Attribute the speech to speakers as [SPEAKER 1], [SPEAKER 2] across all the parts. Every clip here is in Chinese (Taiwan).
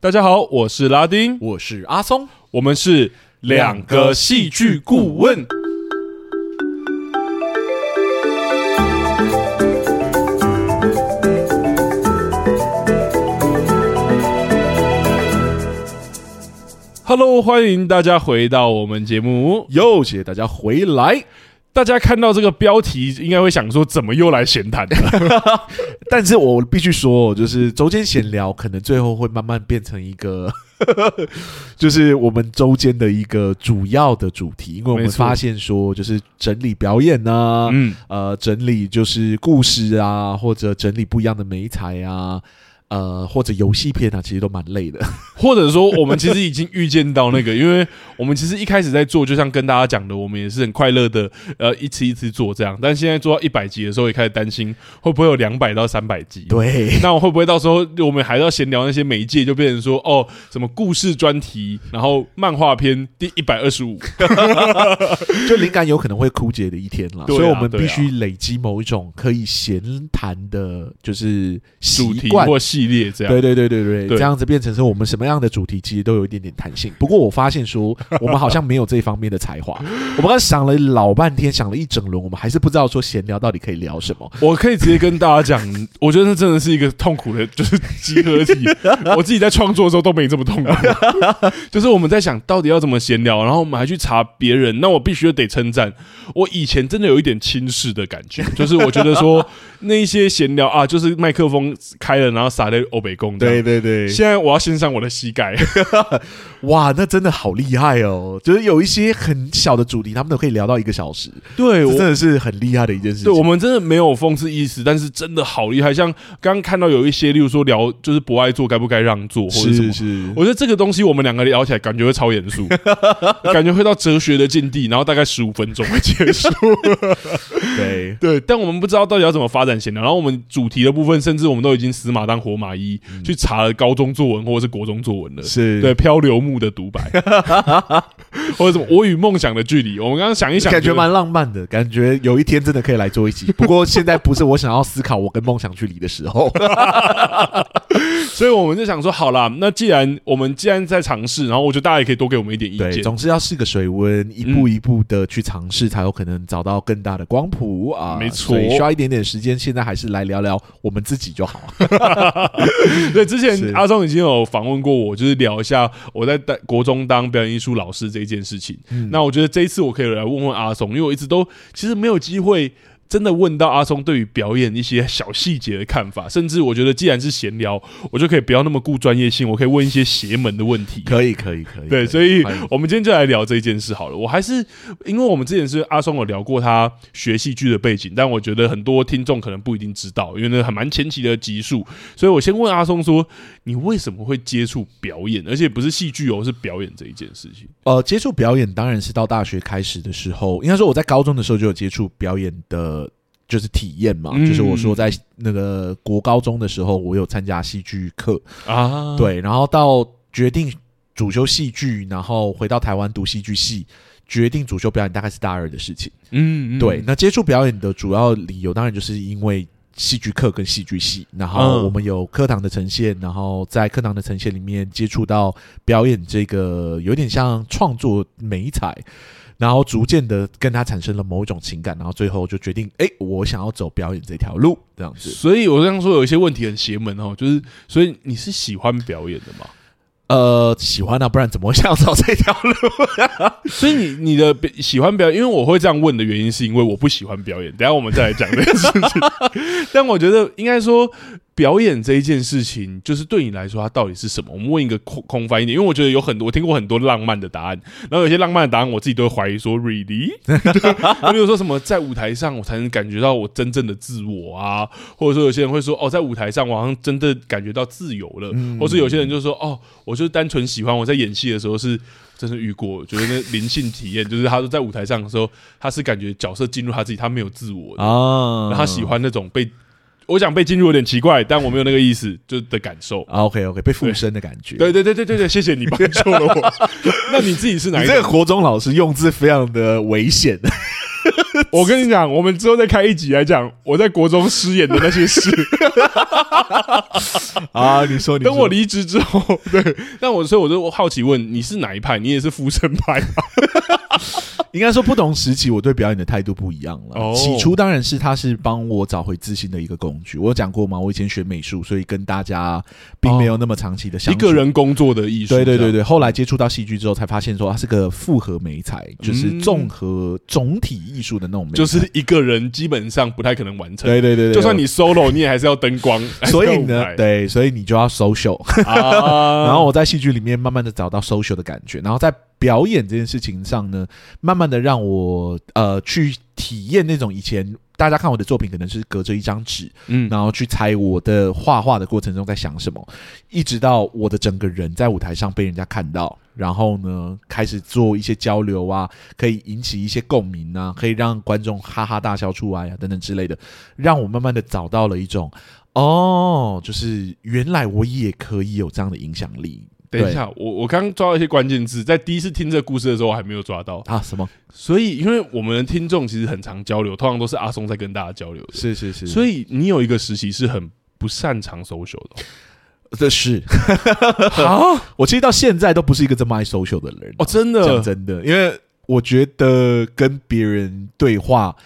[SPEAKER 1] 大家好，我是拉丁，我是阿松，我們是兩個戲劇顧問。嗯、Hello，歡迎大家回到我們節目，又謝謝大家回來。大家看到這個標題，應該會想說，怎麼又來閒
[SPEAKER 2] 談？但是，我必須說，就是週間閒聊，可能最後會慢慢變成一個， 就是我們週間的一個主要的主題，因為我們發現說，就是整理表演啊，嗯，呃，整理就是故事啊，或者整理不一樣的媒材啊。呃，或者遊戲片啊，其實都蠻累的。
[SPEAKER 1] 或者說，我們其實已經預見到那個， 因為我們其實一開始在做，就像跟大家講的，我們也是很快樂的。呃，一次一次做這樣，但現在做到一百集的時候，我也開始擔心會不會有兩百到三百集。對，那我會不會到時候我們還要閒聊那些媒介，就變成說哦，什麼故事專題，然後漫畫片第一百二十五，
[SPEAKER 2] 就靈感有可能會枯竭的一天了。所以我們必須累積某一種可以閒談的，就是主題或系系列這樣對對對對對，對這樣子，變成是我們什麼樣的主題，其實都有一點點彈性。不過我發現說，我們好像沒有這一方面的才華。我們剛想了老半天，想了一整輪，我們還是不知道說閒聊到底可以聊什麼。我可以直接跟大家講，我覺得這真的是一個痛苦的，就是集合體。我自己在創
[SPEAKER 1] 作的時候都沒這麼痛苦，就是我們在想到底要怎麼閒聊，然後我們還去查別人。那我必須得稱讚，我以前真的有一點輕視的感覺，就是我覺得說。那一些閒聊啊，就是麥克風開了，然後撒在歐北宮。對對對，現在我要欣賞我的膝蓋。
[SPEAKER 2] 哇，那真的好厲害哦！就是有一些很小的主題，他們都可以聊到一個小時。對，真的是很厲害的一件事情。對，我
[SPEAKER 1] 們真的沒有諷刺意思，但是真的好厲害。像剛剛看到有一些，例如說聊就是博愛座該不該讓座，或者是是。我覺得這個東西我們兩個聊起來感覺會超嚴肅， 感覺會到哲學的境地，然後大概十五分鐘會結束。
[SPEAKER 2] 對
[SPEAKER 1] 對，但我們不知道到底要怎麼發。然後我們主題的部分，甚至我們都已經死馬當活馬醫去查了高中作文或者是國中作文了是。是對《漂流木》的獨白， 或者什麼“我與夢想的距離”。我們剛剛
[SPEAKER 2] 想一想，感覺蠻浪漫的，感覺有一天真的可以來做一集。不過現在不是我想要思考我跟夢想距離的時候，
[SPEAKER 1] 所以
[SPEAKER 2] 我們就想說，好啦，那
[SPEAKER 1] 既然我們既然在嘗試，然後我覺得大家也可以多給我們一點意見。對，總
[SPEAKER 2] 之要試個水溫，一步一步的去嘗試，嗯、才有可能找到更大的光譜啊！呃、沒錯，所以需要一點點時間。現在還是來聊聊我們自己就好。 對，之前阿松已經有訪
[SPEAKER 1] 問過我，就是聊一下我在國中當表演藝術老師這一件事情。嗯。那我覺得這一次我可以來問問阿松，因為我一直都其實沒有機會。真的問到阿松對於表演一些小細節的看法，甚至我覺得既然是閒聊，我就可以不要那麼顧專業性，我可以問一些邪門的問題。可以，可以，可以。對，所以我們今天就來聊這一件事好了。我還是因為我們之前是阿松有聊過他學戲劇的背景，但我覺得很多聽眾可能不一定知道，因為那還蠻前期的集數，所以我先問阿松說：你為什麼會接觸表演？而且不是戲劇哦，是表演這一件事情。
[SPEAKER 2] 呃，接觸表演當然是到大學開始的時候，應該說我在高中的時候就有接觸表演的。就是體驗嘛，嗯、就是我說在那個國高中的時候，我有參加戲劇課啊，對，然後到決定主修戲劇，然後回到台灣讀戲劇系，決定主修表演大概是大二的事情。嗯，嗯，對，那接觸表演的主要理由，當然就是因為戲劇課跟戲劇系，然後我們有課堂的呈現，嗯、然後在課堂的呈現裡面接觸到表演這個，有點像創作媒材。然後逐漸的跟他產生了某一種情感，然後最後就決定，哎，我想要走表演這條路，這樣子。
[SPEAKER 1] 所以，我剛剛說有一些問題很邪門哦，就是，所以你是喜歡表演的嗎？
[SPEAKER 2] 呃，喜歡啊，不然怎
[SPEAKER 1] 麼會想要走這條路？ 所以你你的喜歡表演，因為我會這樣問的原因，是因為我不喜歡表演。等一下我們再來講這件事情， 但我覺得應該說。表演這一件事情，就是對你來說，它到底是什麼？我們問一個空空泛一點，因為我覺得有很多，我聽過很多浪漫的答案，然後有些浪漫的答案，我自己都會懷疑說，really？那 比如說什麼，在舞台上我才能感覺到我真正的自我啊，或者說有些人會說，哦，在舞台上我好像真的感覺到自由了，嗯、或者有些人就說，哦，我就單純喜歡我在演戲的時候是，真是，真的遇過，覺得那靈性體驗，就是他說在舞台上的時候，他是感覺角色進入他自己，他沒有自我
[SPEAKER 2] 啊，哦、他喜歡
[SPEAKER 1] 那種被。我想被進入有點奇怪，但我沒有那個意思，就的感受。
[SPEAKER 2] 啊、OK，OK，、okay, okay, 被附身的感
[SPEAKER 1] 覺。對對對對對對，謝謝你幫救了我。 那你自己是哪一個？這個國
[SPEAKER 2] 中老師用字非常的危險。
[SPEAKER 1] 我跟你講，我們之後再開一集來講我在國中失言的那些事。 啊，你說，你說。等我離職之後，對，那我所以我就好奇問，你是哪一派？你也是附身派嗎？
[SPEAKER 2] 應該說不同時期我對表演的態度不一樣了。Oh. 起初當然是他是幫我找回自信的一個工具。我有講過嘛，我以前學美術，所以跟大家並沒有那麼長期的相處，oh. 一個人工作的藝術。對對對對。後來接觸到戲劇之後，才發現說它是個複合媒材，嗯、就是綜合總體藝術的那種媒材。就是
[SPEAKER 1] 一個人基本上不太可能完成。對對對對。就算你 solo，你也還是要燈光。 所以呢，
[SPEAKER 2] 對，所以你就要 social。 oh. 然後我在戲劇裡面慢慢的找到 social 的感覺，然後在。表演這件事情上呢，慢慢的讓我呃去體驗那種以前大家看我的作品可能是隔着一張紙，嗯，然後去猜我的畫畫的過程中在想什麼，一直到我的整個人在舞台上被人家看到，然後呢開始做一些交流啊，可以引起一些共鳴啊，可以讓觀眾哈哈大笑出來啊等等之類的，讓我慢慢的找到了一種，哦，就是原來我也可以有這樣的影響力。等一下，
[SPEAKER 1] 對我我剛剛抓到一些關鍵字，在第一次聽這故事的時候我還沒有抓到啊！什麼？所以，因為我們的聽眾其實很常交流，通常都是阿松在跟大家交流。是是是。所以你有一個時期是很不擅長 social 的，哦，這是。 好，
[SPEAKER 2] 我其實到現在都不是一個這麼愛 social 的人哦，真的，哦，真的，真的因為我覺得跟別人對話。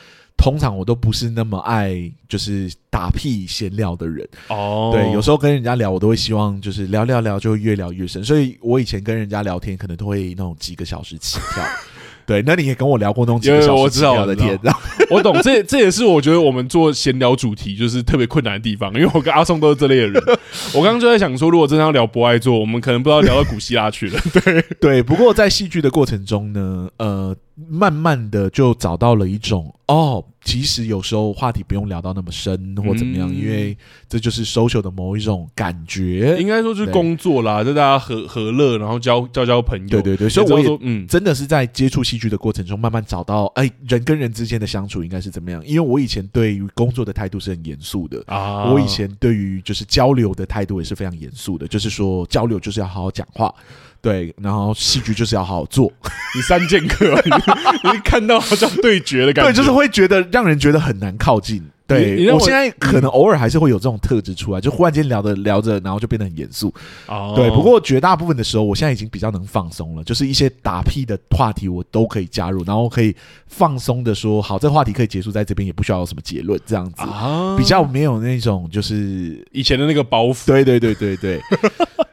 [SPEAKER 2] 通常我都不是那麼愛就是打屁閒聊的人
[SPEAKER 1] 哦，oh. 對，有時
[SPEAKER 2] 候跟人家聊，我都會希望就是聊聊聊就會越聊越深，所以我以前跟人家聊天可能都會那種幾個小時起跳， 對，那你也跟我聊過那麼幾個小時起跳的天，我知道，我懂，這
[SPEAKER 1] 這也是我覺得我們做閒聊主題就是特別困難的地方，因為我跟阿松都是這類的人， 我剛剛就在想說，如果真的要聊博愛座，我們可能不知道聊到古希臘去了，
[SPEAKER 2] 對對，不過在戲劇的過程中呢，呃。慢慢的就找到了一種哦，其實有時候話題不用聊到那麼深、嗯、或怎麼樣，因為這就是 social 的某一種感覺。應該說是工作啦，對就
[SPEAKER 1] 大家和和樂，然後交交交朋友。對對對，所以我也嗯，
[SPEAKER 2] 真的是在接觸戲劇的過程中，慢慢找到哎、嗯欸，人跟人之間的相處應該是怎麼樣？因為我以前對於工作的態度是很嚴肅的啊，我以前對於就是交流的態度也是非常嚴肅的，就是說交流就是要好好講話。對，然後戲劇就是要好好做。你三劍客， 你一看到好像對決的感覺， 對，就是會覺得讓人覺得很難靠近。對，你我，我現在可能偶爾還是會有這種特質出來，就忽然間聊着聊着，然後就變得很嚴肅。哦，對，不過絕大部分的時候，我現在已經比較能放鬆了。就是一些打屁的話題，我都可以加入，然後可以放鬆的說，好，這個話題可以結束在這邊，也不需要有什麼結論，這樣子、哦、比較沒有那種就是以前的
[SPEAKER 1] 那個包袱。對對對對對。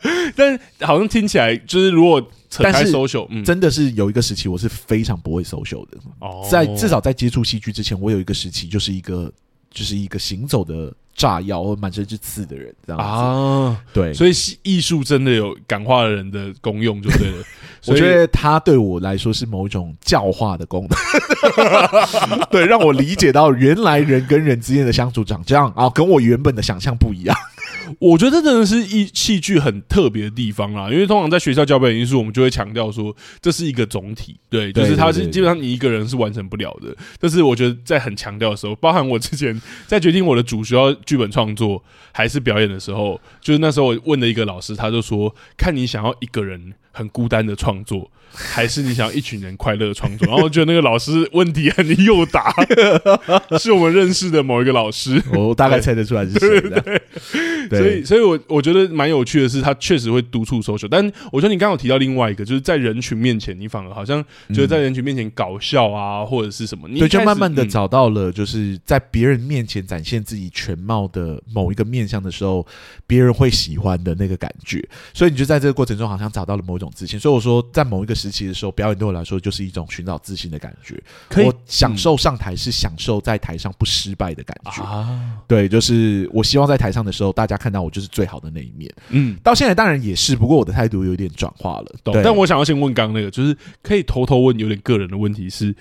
[SPEAKER 1] 但好像聽起來就是，如果扯開 social，真
[SPEAKER 2] 的是有一個時期，我是非常不會 social 的。哦，在至少在接觸戲劇之前，我有一個時期就是一個。就是一個行走的炸藥，或滿身是刺的人這樣子啊，對，所以藝術
[SPEAKER 1] 真的有感化的人的功用就對了。 我覺得
[SPEAKER 2] 它對我來說是某一種教化的功能， 對，讓我理解到原來人跟人之間的相處長這樣啊，跟我原本的想象不一樣。我覺得這真的是一戲劇很特別的地方
[SPEAKER 1] 啦，因為通常在學校教表演藝術，我們就會強調說，這是一個總體，對，對對對，就是它是基本上你一個人是完成不了的。但是我覺得在很強調的時候，包含我之前在決定我的主修要劇本創作還是表演的時候，就是那時候我問了一個老師，他就說，看你想要一個人很孤單的創作，還是你想一群人快樂的創作，然後覺得那個老師問題很誘導，是我們認識的某一個老師，
[SPEAKER 2] 我大概猜得出來是誰。對，對，對
[SPEAKER 1] 所以，所以我我覺得蠻有趣的是，他確實會督促、social。但我覺得你剛剛有提到另外一個，就是在人群面前，你反而好像覺得在人群面前搞笑啊，或者是什麼你、嗯，你就慢慢的找
[SPEAKER 2] 到了，就是在別人面前展現自己全貌的某一個面向的時候，別人會喜歡的那個感覺。所以你就在這個過程中，好像找到了某一種自信。所以我說，在某一個。時期的時候，表演對我來說就是一種尋找自信的感覺。可以，嗯、我享受上台，是享受在台上不失敗的感覺。啊、對，就是我希望在台上的時候，大家看到我就是最好的那一面。嗯，到現在當然也是，不過我的態度有點轉化了。懂對但
[SPEAKER 1] 我想要先問剛那個，就是可以偷偷問有點個人的問題是。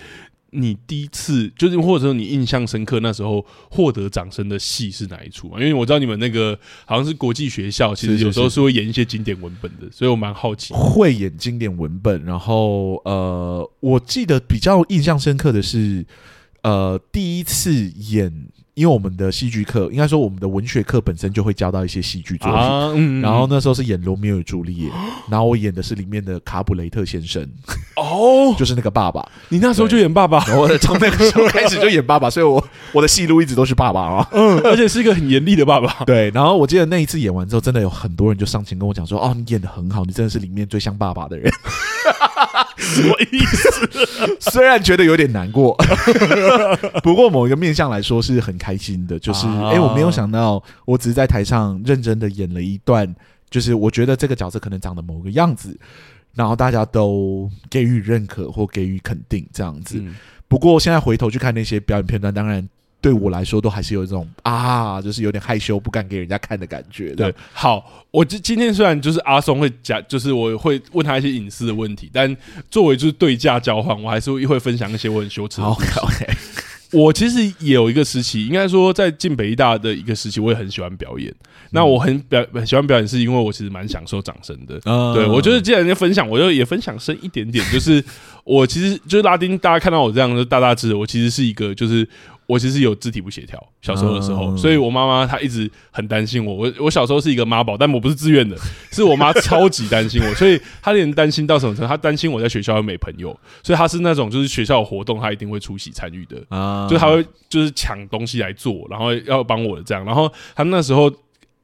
[SPEAKER 1] 你第一次就是或者說你印象深刻那時候獲得掌聲的戲是哪一出啊？因為我知道你們那個好像是國際學校，其實有時候是會演一些經典文本的，
[SPEAKER 2] 所以我蠻好奇會演經典文本。然後呃，我記得比較印象深刻的是呃第一次演。因為我們的戲劇課，應該說我們的文學課本身就會教到一些戲劇作品，啊嗯、然後那時候是演羅主力《羅密歐與朱麗葉》，然後我演的是裡面的卡普雷特先生，哦，就是那個爸爸。你那時候就演爸爸？對，然後從那個時候開始就演爸爸， 所以我我的戲路一直都是爸爸啊，嗯，而且是一個很嚴厲的爸爸。 對，然後我記得那一次演完之後，真的有很多人就上前跟我講說，哦，你演得很好，你真的是裡面最像爸爸的人。什麼意思？ 雖然覺得有點難過， 不過某一個面向來說是很開心的，就是哎、啊欸，我沒有想到，我只是在台上認真的演了一段，就是我覺得這個角色可能長得某個樣子，然後大家都給予認可或給予肯定這樣子。嗯、不過現在回頭去看那些表演片段，當然。對我來說，都還是有一種啊，就是有點害羞，不敢給人家看的感覺。對，這樣。好，我今今天雖然就是阿松會
[SPEAKER 1] 講，就是我會問他一些隱私的問題，但作為就是對價交換，我還是會分享一些我很羞恥的。好，OK, okay。我其實也有一個時期，應該說在進北藝大的一個時期，我也很喜歡表演。那我很表很喜歡表演，是因為我其實蠻享受掌聲的。嗯、對，我覺得既然人家分享，我就也分享深一點點。就是我其實 就是拉丁，大家看到我這樣就大大只，我其實是一個就是。我其實有肢體不協調，小時候的時候，uh huh. 所以我媽媽她一直很擔心我。我我小時候是一個媽寶，但我不是自願的，是我媽超級擔心我。 所以她連擔心到什麼程度？她擔心我在學校要沒朋友，所以她是那種就是學校有活動她一定會出席參與的，uh huh. 就她會就是搶東西來做，然後要幫我這樣。然後她那時候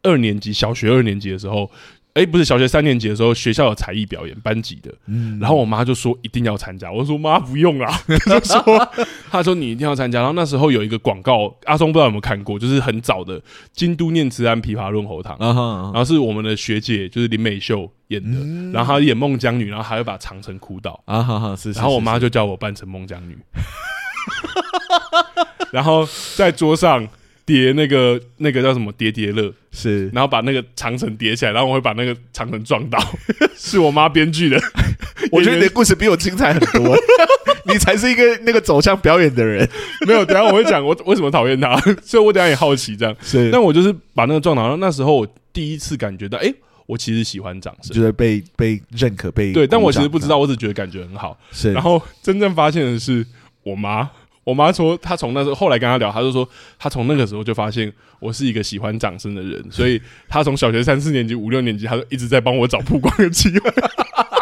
[SPEAKER 1] 二年級，小學二年級的時候。哎，欸、不是小學三年級的時候，學校有才藝表演，班級的。嗯、然後我媽就說一定要參加，我說媽不用啊。她 說，她說你一定要參加。然後那時候有一個廣告，阿松不知道有沒有看過，就是很早的《京都念慈庵枇杷潤喉糖》啊哈啊哈。然後是我們的學姐，就是林美秀演的。嗯、然後她演孟姜女，然後還會把長城哭倒。啊哈哈，是是是是是。然後我媽就叫我扮成孟姜女。 然後在桌上。疊那個那個叫什麼？疊疊樂是，然後把那個長城疊起來，然後我會把那個長城撞倒， 是我媽編劇的，
[SPEAKER 2] 我覺得你的故事比我精彩很
[SPEAKER 1] 多， 你才是一個那個走向表演的人。 沒有，等下我會講我為什麼討厭他，所以我等下也好奇這樣。是，但我就是把那個撞倒了，那時候我第一次感覺到，哎、欸，我其實喜歡掌聲，就
[SPEAKER 2] 是被被認可被，對，但我其實
[SPEAKER 1] 不知道，啊、我只覺得感覺很好。是，然後真正發現的是我媽。我媽說，她從那時候後來跟她聊，她就說，她從那個時候就發現我是一個喜歡掌聲的人，所以她從小學三四年級、五六年級，她就一直在幫我找曝光的
[SPEAKER 2] 機會。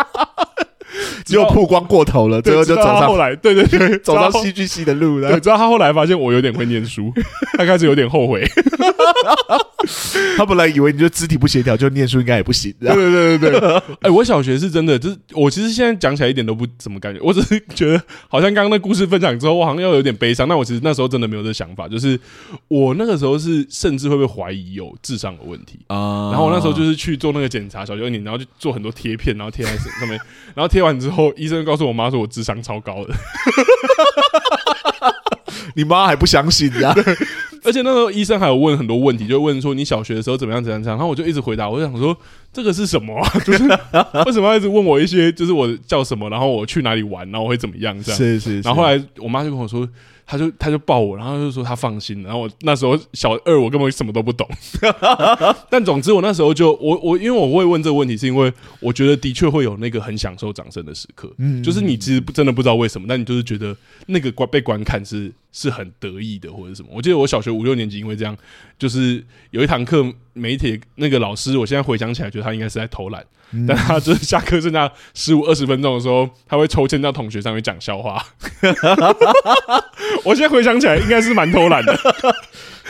[SPEAKER 2] 只有曝光過頭了，對最後就走上後來，對對對，走到戲劇系的路了。你知道他後來發現我有點會念書，
[SPEAKER 1] 他開始有點後
[SPEAKER 2] 悔。 他本來以為你就肢體不協調，就念書應該也不行。對對對對，
[SPEAKER 1] 哎、 欸，我小學是真的，就是我其實現在講起來一點都不怎麼感覺，我只是覺得好像剛剛那故事分享之後，我好像要有點悲傷。那我其實那時候真的沒有這想法，就是我那個時候是甚至會不會懷疑有智商的問題啊？嗯、然後我那時候就是去做那個檢查，小學一年，然後就做很多貼片，然後貼在上面， 然後貼完之後。然後醫生告訴我媽說我智商超高的， 你媽還不相信呀、啊？對，而且那時候醫生還有問很多問題，就問說你小學的時候怎麼樣怎麼樣怎樣，然後我就一直回答。我就想說這個是什麼？就是為什麼要一直問我一些？就是我叫什麼？然後我去哪裡玩？然後我會怎麼樣？這樣是是。然後後來我媽就跟我說。他就他就抱我，然後就說他放心，然後我那時候小二，我根本什麼都不懂， 但總之我那時候就我我因為我會問這個問題，是因為我覺得的確會有那個很享受掌聲的時刻。嗯嗯嗯嗯，就是你其實真的不知道為什麼，但你就是覺得那個觀被觀看是是很得意的或者什麼。我記得我小學五六年級因為這樣，就是有一堂課。媒體那個老師，我現在回想起來，覺得他應該是在偷懶。嗯、但他就是下課剩下十五二十分鐘的時候，他會抽籤到同學上面講笑話。
[SPEAKER 2] 我現在回想起來，應該是蠻偷懶的。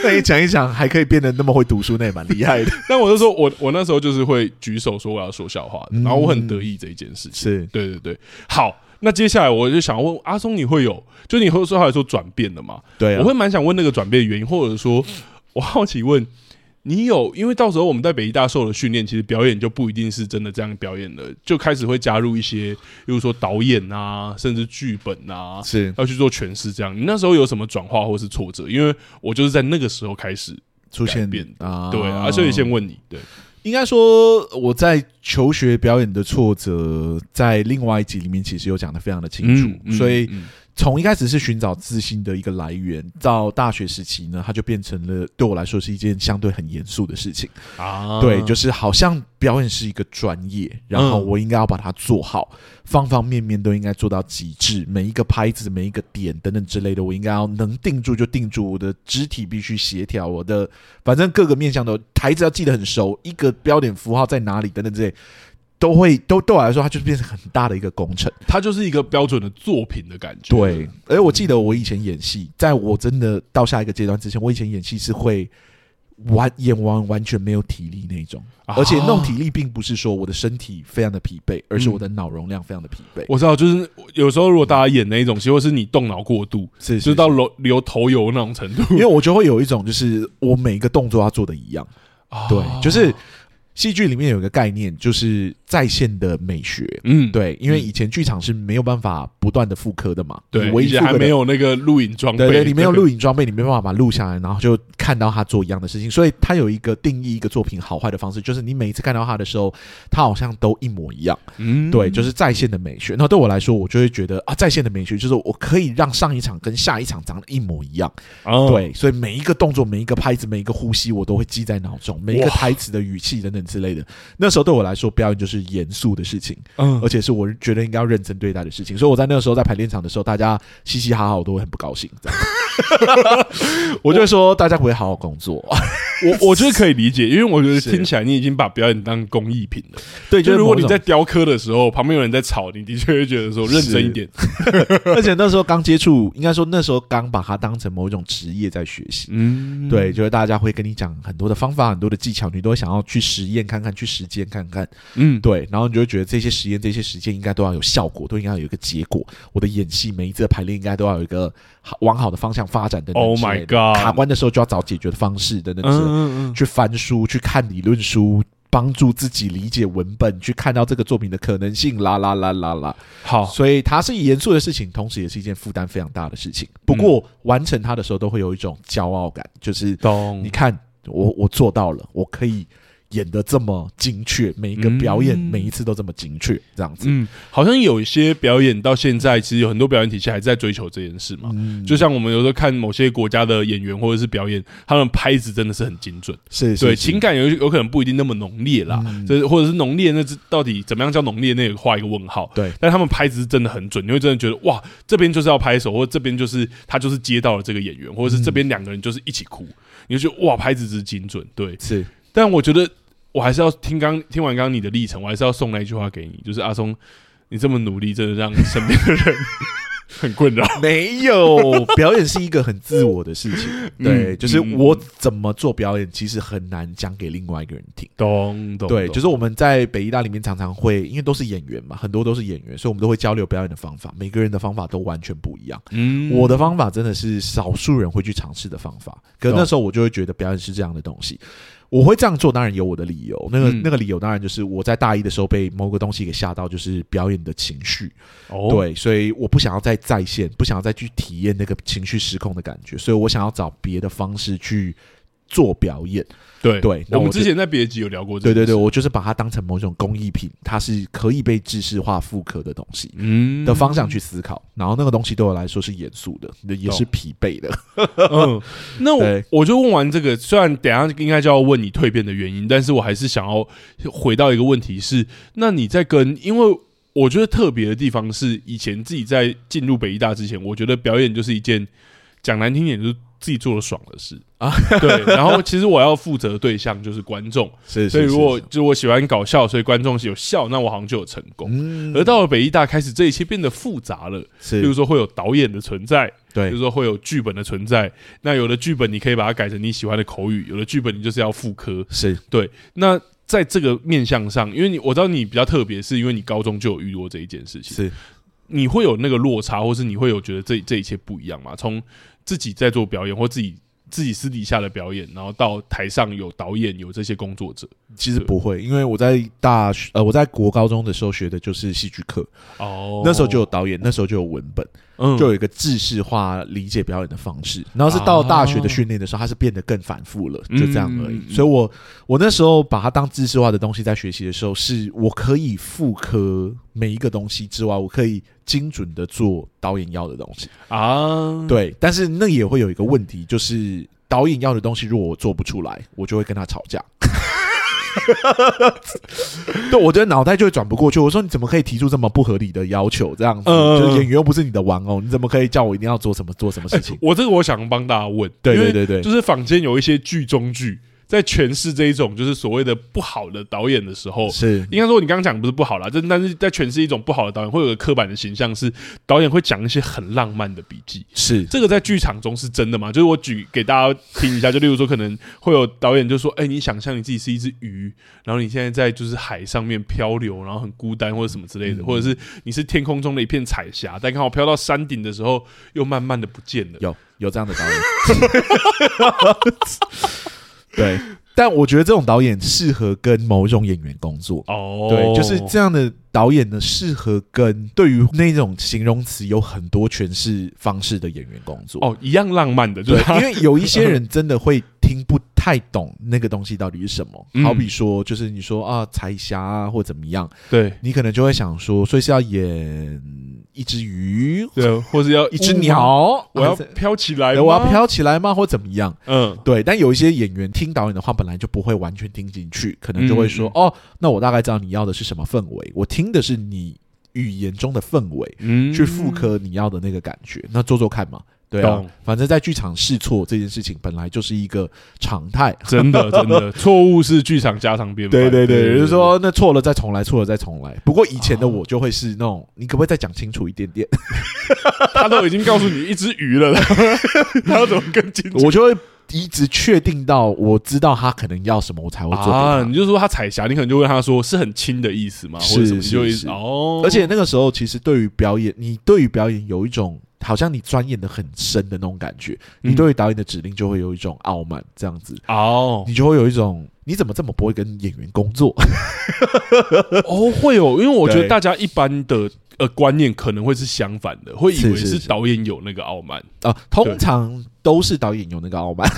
[SPEAKER 2] 那你講一講，還可以變得那麼會讀書，那也蠻厲害
[SPEAKER 1] 的。那我就說，我我那時候就是會舉手說我要說笑話，然後我很得意這一件事情。嗯、是，對對對。好，那接下來我就想問阿松，你會有就你後來說轉變了嘛。對、啊，我會蠻想問那個轉變的原因，或者說，我好奇問。你有，因為到時候我們在北藝大受的訓練，其實表演就不一定是真的這樣表演的，就開始會加入一些，比如說導演啊，甚至劇本啊，是要去做詮釋這樣。你那時候有什麼轉化或是挫折？因為我就是在那個時候開始
[SPEAKER 2] 出現變啊，呃、對，啊，所以先問你，對，應該說我在求學表演的挫折，在另外一集裡面其實有講得非常的清楚，嗯嗯、所以。嗯從一開始是尋找自信的一個來源，到大學時期呢，它就變成了對我來說是一件相對很嚴肅的事情啊。對，就是好像表演是一個專業，然後我應該要把它做好，嗯、方方面面都應該做到極致，每一個拍子、每一個點等等之類的，我應該要能定住就定住，我的肢體必須協調，我的反正各個面向都台詞要記得很熟，一個標點符號在哪裡等等之類。都會都對我來，來說，它就是變成很大的一個工程，它就是一個標準的
[SPEAKER 1] 作品的感
[SPEAKER 2] 覺。對，而我記得我以前演戲，在我真的到下一個階段之前，我以前演戲是會完演完完全沒有體力那種，而且那種體力並不是說我的身體非常的疲憊，而是我的腦容量非常的疲
[SPEAKER 1] 憊。嗯、我知道，就是有時候如果大家演那一種戲，或是你動腦過度，是，是，是就到流流頭油那種程度。
[SPEAKER 2] 因為我覺得會有一種，就是我每一個動作要做的一樣，哦、對，就是。戲劇裡面有一個概念，就是在線的美學。嗯，對，因為以前劇場是沒有辦法不斷的復刻的嘛。對，我一直還沒有那
[SPEAKER 1] 個錄影裝備。對，對，對，你沒有錄影
[SPEAKER 2] 裝備，對對對，你沒辦法把它錄下來，然後就看到他做一樣的事情。所以他有一個定義一個作品好壞的方式，就是你每一次看到他的時候，他好像都一模一樣。嗯，對，就是在線的美學。那對我來說，我就會覺得啊，在線的美學就是我可以讓上一場跟下一場長得一模一樣。哦，對，所以每一個動作、每一個拍子、每一個呼吸，我都會記在腦中。每一個台詞的語氣等等。之類的，那時候對我來說，表演就是嚴肅的事情，嗯，而且是我覺得應該要認真對待的事情。所以我在那個時候在排練場的時候，大家嘻嘻哈哈，我都會很不高興。 我，我就會說大家不會好好工作，
[SPEAKER 1] 我我覺得可以理解，因為我覺得聽起來你已經把表演當工藝品了。對。是，就是如果你在雕刻的時候，旁邊有人在吵，你的確會覺得說，認真一點。
[SPEAKER 2] 是 而且那時候剛接觸，應該說那時候剛把它當成某一種職業在學習。嗯，對，就是大家會跟你講很多的方法、很多的技巧，你都會想要去實。驗看看，去實踐看看，嗯，對，然後你就會覺得這些實驗、這些實踐應該都要有效果，都應該有一個結果。我的演戲每一次的排練應該都要有一個好往好的方向發展的。Oh my god！卡關的時候就要找解決的方式等等的，等。嗯，嗯，嗯，嗯，去翻書、去看理論書，幫助自己理解文本，去看到這個作品的可能性。啦啦啦啦啦，好。所以它是以嚴肅的事情，同時也是一件負擔非常大的事情。不過、嗯、完成它的時候，都會有一種驕傲感，就是，懂你看，我我做到了，我可以。演得這麼精確，每一個表演每一次都這麼精確，這樣子，嗯，嗯，
[SPEAKER 1] 好像有一些表演到現在，其實有很多表演體系還是在追求這件事嘛。嗯、就像我們有時候看某些國家的演員或者是表演，他們拍子真的是很精準，是，是對，情感有有可能不一定那麼濃烈啦，就是、嗯、或者是濃烈那是，那到底怎麼樣叫濃烈、那個？那畫一個問號，對。但他們拍子是真的很準，你會真的覺得哇，這邊就是要拍手，或者這邊就是他就是接到了這個演員，或者是這邊兩個人就是一起哭，嗯、你就覺得哇，拍子是精準，對，是。但我覺得。我還是要聽剛聽完剛你的歷程，我還是要送那一句話給你，就是阿松，你這麼努力，真的讓身邊的人很困擾。 沒
[SPEAKER 2] 有，表演是一個很自我的事情， 對，就是我怎麼做表演，其實很難講給另外一個人聽。懂懂、嗯嗯、對，就是我們在北藝大裡面常常會，因為都是演員嘛，很多都是演員，所以我們都會交流表演的方法。每個人的方法都完全不一樣。嗯，我的方法真的是少數人會去嘗試的方法。可是那時候我就會覺得表演是這樣的東西。我會這樣做，當然有我的理由。那個、嗯、那個理由當然就是我在大一的時候被某個東西給嚇到，就是表演的情緒。哦、對，所以我不想要再再現，不想要再去體驗那個情緒失控的感覺，所以我想要找別的方式去。做表演，對對，對我，我們之前
[SPEAKER 1] 在別的集有聊過，對對對，
[SPEAKER 2] 我就是把它當成某種工藝品，它是可以被知識化複刻的東西，嗯，的方向去思考，嗯、然後那個東西對我來說是嚴肅的，嗯、也是疲憊的。 嗯，那我
[SPEAKER 1] 對我就問完這個，雖然等下應該就要問你蛻變的原因，但是我還是想要回到一個問題是，那你在跟，因為我覺得特別的地方是，以前自己在進入北藝大之前，我覺得表演就是一件。講難聽點，就是自己做了爽的事啊。對，然後其實我要負責的對象就是觀眾，是是是是是，所以如果就我喜歡搞笑，所以觀眾是有笑，那我好像就有成功。嗯，而到了北藝大，開始這一切變得複雜了，是比如說會有導演的存在，對，比如說會有劇本的存在。那有的劇本你可以把它改成你喜歡的口語，有的劇本你就是要復刻。是對。那在這個面向上，因為你我知道你比較特別，是因為你高中就有遇到這一件事情，是你會有那個落差，或是你會有覺得這這一切不一樣嗎？從自己在做表演，或自己自己私底下的表演，然後到台上有導演有這些工作者，其實不
[SPEAKER 2] 會，因為我在大學，呃，我在國高中的時候學的就是戲劇課哦，那時候就有導演，那時候就有文本。就有一個制式化理解表演的方式，嗯、然後是到大學的訓練的時候，啊、它是變得更反覆了，就這樣而已。嗯、所以我，我我那時候把它當制式化的東西在學習的時候，是我可以複刻每一個東西之外，我可以精準的做導演要的東西啊。對，但是那也會有一個問題，就是導演要的東西如果我做不出來，我就會跟他吵架。 哈哈哈哈哈！對，我覺得腦袋就會轉不過去。我說，你怎麼可以提出這麼不合理的要求？這樣子，嗯、就是演員又不是你的玩偶，你怎麼可以叫我一定要做什麼做什麼事情？欸、
[SPEAKER 1] 我這個我想幫大家問，對對對對，就是坊間有一些劇中劇。在詮釋這一種就是所謂的不好的導演的時候是，是應該說你剛剛講不是不好啦，啊。但是在詮釋一種不好的導演，會有個刻板的形象，是導演會講一些很浪漫的筆記是。是這個在劇場中是真的嗎？就是我舉給大家聽一下，就例如說可能會有導演就說，哎，你想象你自己是一只魚，然後你現在在就是海上面漂流，然後很孤單或者什麼之類的，或者是你是天空中的一片彩霞，但剛好飄到山頂的時候
[SPEAKER 2] 又慢慢的不見了有。有有這樣的導演。 對，但我覺得這種導演適合跟某一種演員工作哦，oh. 對，就是這樣的。導演呢，適合跟對於那種形容詞有很多詮釋方式的演員工作哦，一樣浪漫的對， 因為有一些人真的會聽不太懂那個東西到底是什麼，好、嗯、比說就是你說啊彩霞啊或怎麼樣，對你可能就會想說，所以是要演一只魚，對，或是要一只鳥、嗯我，我要
[SPEAKER 1] 飄起來，我要飄
[SPEAKER 2] 起來嘛，或怎麼樣？嗯，對。但有一些演員聽導演的話本來就不會完全聽進去，可能就會說、嗯、哦，那我大概知道你要的是什麼氛圍，我聽。真的是你語言中的氛圍，嗯，去複刻你要的那個感覺，那做做看嘛，對、啊嗯、反正在劇場試錯這件事情本來就是一個常態，真的真的，
[SPEAKER 1] 錯誤 是劇場家常便飯，對對對，也就是說
[SPEAKER 2] 那錯了再重來，錯了再重來。不過以前的我就會是那種，啊、你可不可以再講清楚一點點？ 他都已經告訴你一隻魚了然後 他怎麼更清楚？ 我就會。一直確定到我知道他可能要什麼，我才會做
[SPEAKER 1] 啊。你就是說他彩霞，你可能就問他說：“是很親的意思嗎？”是是，是哦。而且
[SPEAKER 2] 那個時候，其實對於表演，你對於表演有一種好像你鑽研得很深的那種感覺，你對於導演的指令就會有一種傲慢這樣子哦。嗯，你就會有一種你怎麼這麼不會跟演員工作？ 哦會哦，因為我覺得大
[SPEAKER 1] 家一般的。呃，觀念可能會是相反的，會以為是導演有那個傲慢啊。通常
[SPEAKER 2] 都是導演有那個傲慢，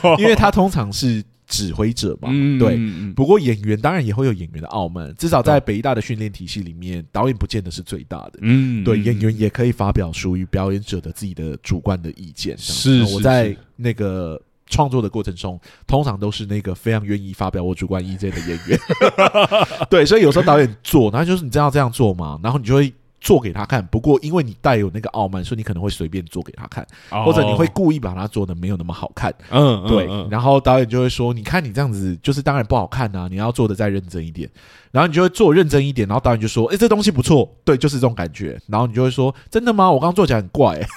[SPEAKER 2] 對因為他通常是指揮者嘛。嗯嗯嗯對，不過演員當然也會有演員的傲慢，至少在北大的訓練體系裡面，嗯、導演不見得是最大的。嗯，嗯，對，演員也可以發表屬於表演者的自己的主觀的意見。是，是，是，我在那個。創作的過程中，通常都是那個非常願意發表我主觀意見的演員。 對，所以有時候導演做，然後就是你真要這樣做嘛，然後你就會做給他看。不過因為你帶有那個傲慢，所以你可能會隨便做給他看，或者你會故意把它做的沒有那麼好看。嗯，oh. 對。然後導演就會說：“你看你這樣子，就是當然不好看吶、啊，你要做得再認真一點。”然後你就會做認真一點，然後導演就說：“哎、欸，這東西不錯。”對，就是這種感覺。然後你就會說：“真的嗎？我剛做起來很怪、欸。 ”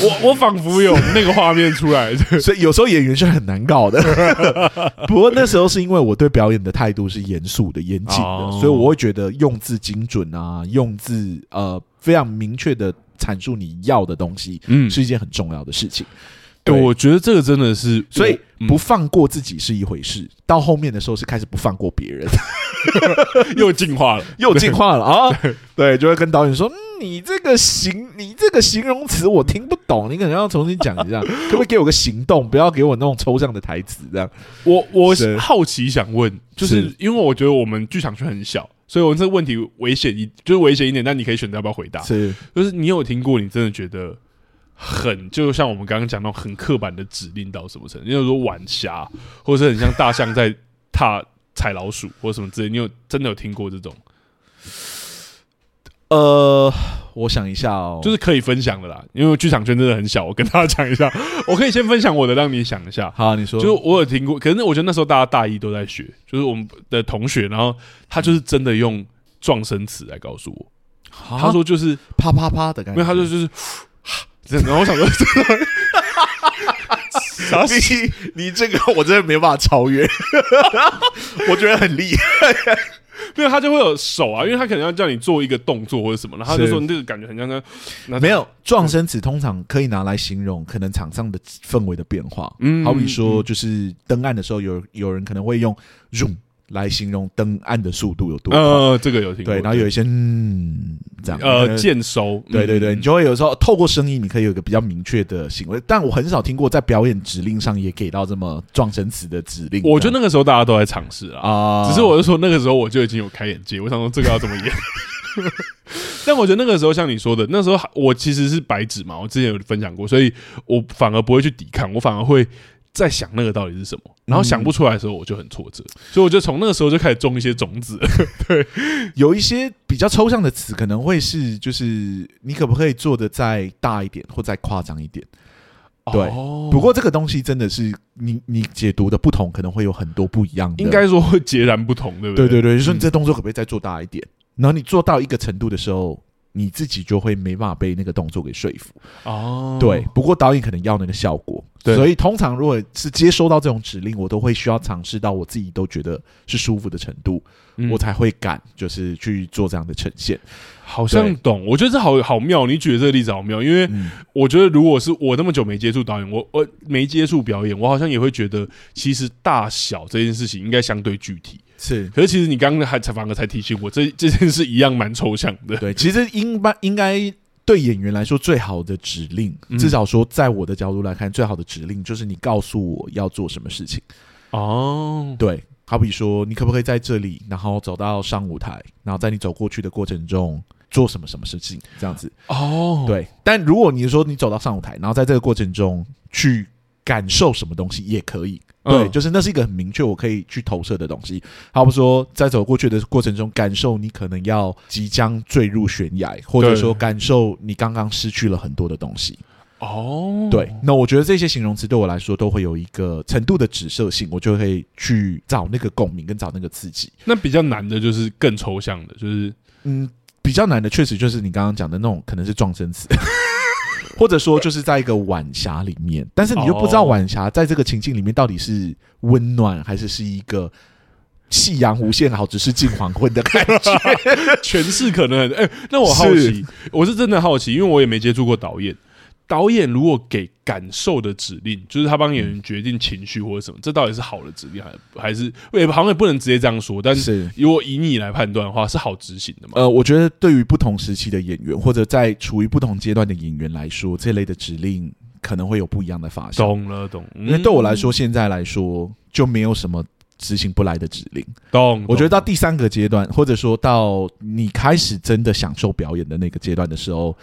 [SPEAKER 2] 我我仿彿有那個畫面出來 所以有時候演員是很難搞的。 不過那時候是因為我對表演的態度是嚴肅的、嚴謹的，哦、所以我會覺得用字精準啊，用字呃非常明確的闡述你要的東西，是一件很重要的事情。嗯對，對，我覺得這個真的是，所以不放過自己是一回事，嗯、到後面的時候是開始不放過別人， 又進化了，對又進化了啊對！對，就會跟導演說：“嗯、你這個形，你這個形容詞我聽不懂，你可能要重新講一下， 可不可以給我個行動？不要給我那種抽象的台詞這樣。我”我我是好奇想問，就是因為我覺得我們劇
[SPEAKER 1] 場圈很小，是所以我們這個問題危險一，就是危險一點，但你可以選擇要不要回答。是，就是你有聽過，你真的覺得？很，就像我們剛剛講到很刻板的指令到什麼程度？你有說晚霞，或者是很像大象在踏踩老鼠，或者什麼之類？你有真的有聽過這種？
[SPEAKER 2] 呃，我想一下哦，就
[SPEAKER 1] 是可以分享的啦，因為劇場圈真的很小。我跟大家講一下， 我可以先分享我的，讓你想一下。好啊，你說，就是我有聽過，可是我覺得那時候大家大一都在學，就是我們的同學，然後他就是真的用狀聲詞來告訴我，哈
[SPEAKER 2] 他說就是啪啪啪的感覺，因為他說就是。然後我想說，哈哈哈哈哈！ 你這個我真的沒辦法超越， 我覺得很厲害。
[SPEAKER 1] 沒有，他就會有手啊，因為他可能要叫你做一個動作或者什麼，然後他就說你這個感覺很像
[SPEAKER 2] 那。沒有，狀聲詞通常可以拿來形容可能場上的氛圍的變化。嗯，好比說，就是燈暗的時候有，有有人可能會用 r 來形容燈暗的速度有多快？呃，這個有聽過。對，然後有一些嗯，這樣呃，漸、那個、收。對對對，嗯、你就會有時候透過聲音，你可以有一個比較明確的行為。但我很少聽過在表演指令上也給到這麼狀聲詞的指令。我覺得那個時候大家都在
[SPEAKER 1] 嘗試啊，呃、只是我是說那個時候我就已經有開眼界，我想說這個要怎麼演。 但我覺得那個時候像你說的，那時候我其實是白紙嘛，我之前有分享過，所以我反而不會去抵抗，我反而會。在想那個到底是什麼，然後想不出來的時候，我就很挫折。嗯、所以我就從那個時候就開始種一些種子。
[SPEAKER 2] 對，有一些比較抽象的詞，可能會是就是你可不可以做的再大一點，或再誇張一點？對，哦、不過這個東西真的是你你解讀的不同，可能會有很多不一樣的。應該說會截然不同，對不對？對對對，就說、是、你這動作可不可以再做大一點？然後你做到一個程度的時候。你自己就會沒辦法被那個動作給說服
[SPEAKER 1] 哦。對，
[SPEAKER 2] 不過導演可能要那個效果，對了 所以通常如果是接收到這種指令，我都會需要嘗試到我自己都覺得是舒服的程度，嗯、我才會敢就是去做這樣的呈現。好像懂，對 我覺得這好好妙。你舉這
[SPEAKER 1] 個例子好妙，因為我覺得如果是我那麼久沒接觸導演，我我沒接觸表演，我好像也會覺得其實大小這件事情應該相對具體。是，可是其實你剛剛還反而才提醒我，這這件事一樣蠻抽象的。對，
[SPEAKER 2] 其實應該應該對演員來說最好的指令，嗯、至少說在我的角度來看，最好的指令就是你告訴我要做什麼事情。哦，對，好比說你可不可以在這裡，然後走到上舞台，然後在你走過去的過程中做什麼什麼事情這樣子。哦，對，但如果你說你走到上舞台，然後在這個過程中去感受什麼東西也可以。對，就是那是一個很明確，我可以去投射的東西。好比說，在走過去的過程中，感受你可能要即將墜入懸崖，或者說感受你剛剛失去了很多的東西。
[SPEAKER 1] 哦，對，
[SPEAKER 2] 那我覺得這些形容詞對我來說都會有一個程度的指涉性，我就會去找那個共鳴跟找那個刺激。
[SPEAKER 1] 那比較難的就
[SPEAKER 2] 是更抽象的，就是嗯，比較難的確實就是你剛剛講的那種，可能是撞生詞。 或者說，就是在一個晚霞裡面，但是你又不知道晚霞在這個情境裡面到底是溫暖，還是是一個夕陽無限好，只是近黃昏的感覺。
[SPEAKER 1] 全是可能哎、欸，那我好奇，是我
[SPEAKER 2] 是真的好奇，因為我也
[SPEAKER 1] 沒接觸過導演。導演如果給感受的指令，就是他幫演員決定情緒或者什麼，嗯、這到底是好的指令還還是？也好像也不能直接這樣說。但是，是如果以你來判斷的話，是好執行的
[SPEAKER 2] 嗎？呃，我覺得對於不同時期的演員，或者在處於不同階段的演員來說，這類的指令可能會有不一樣的發現。懂了懂。嗯、因為對我來說，現在來說就沒有什麼執行不來的指令。懂。懂了。我覺得到第三個階段，或者說到你開始真的享受表演的那個階段的時候，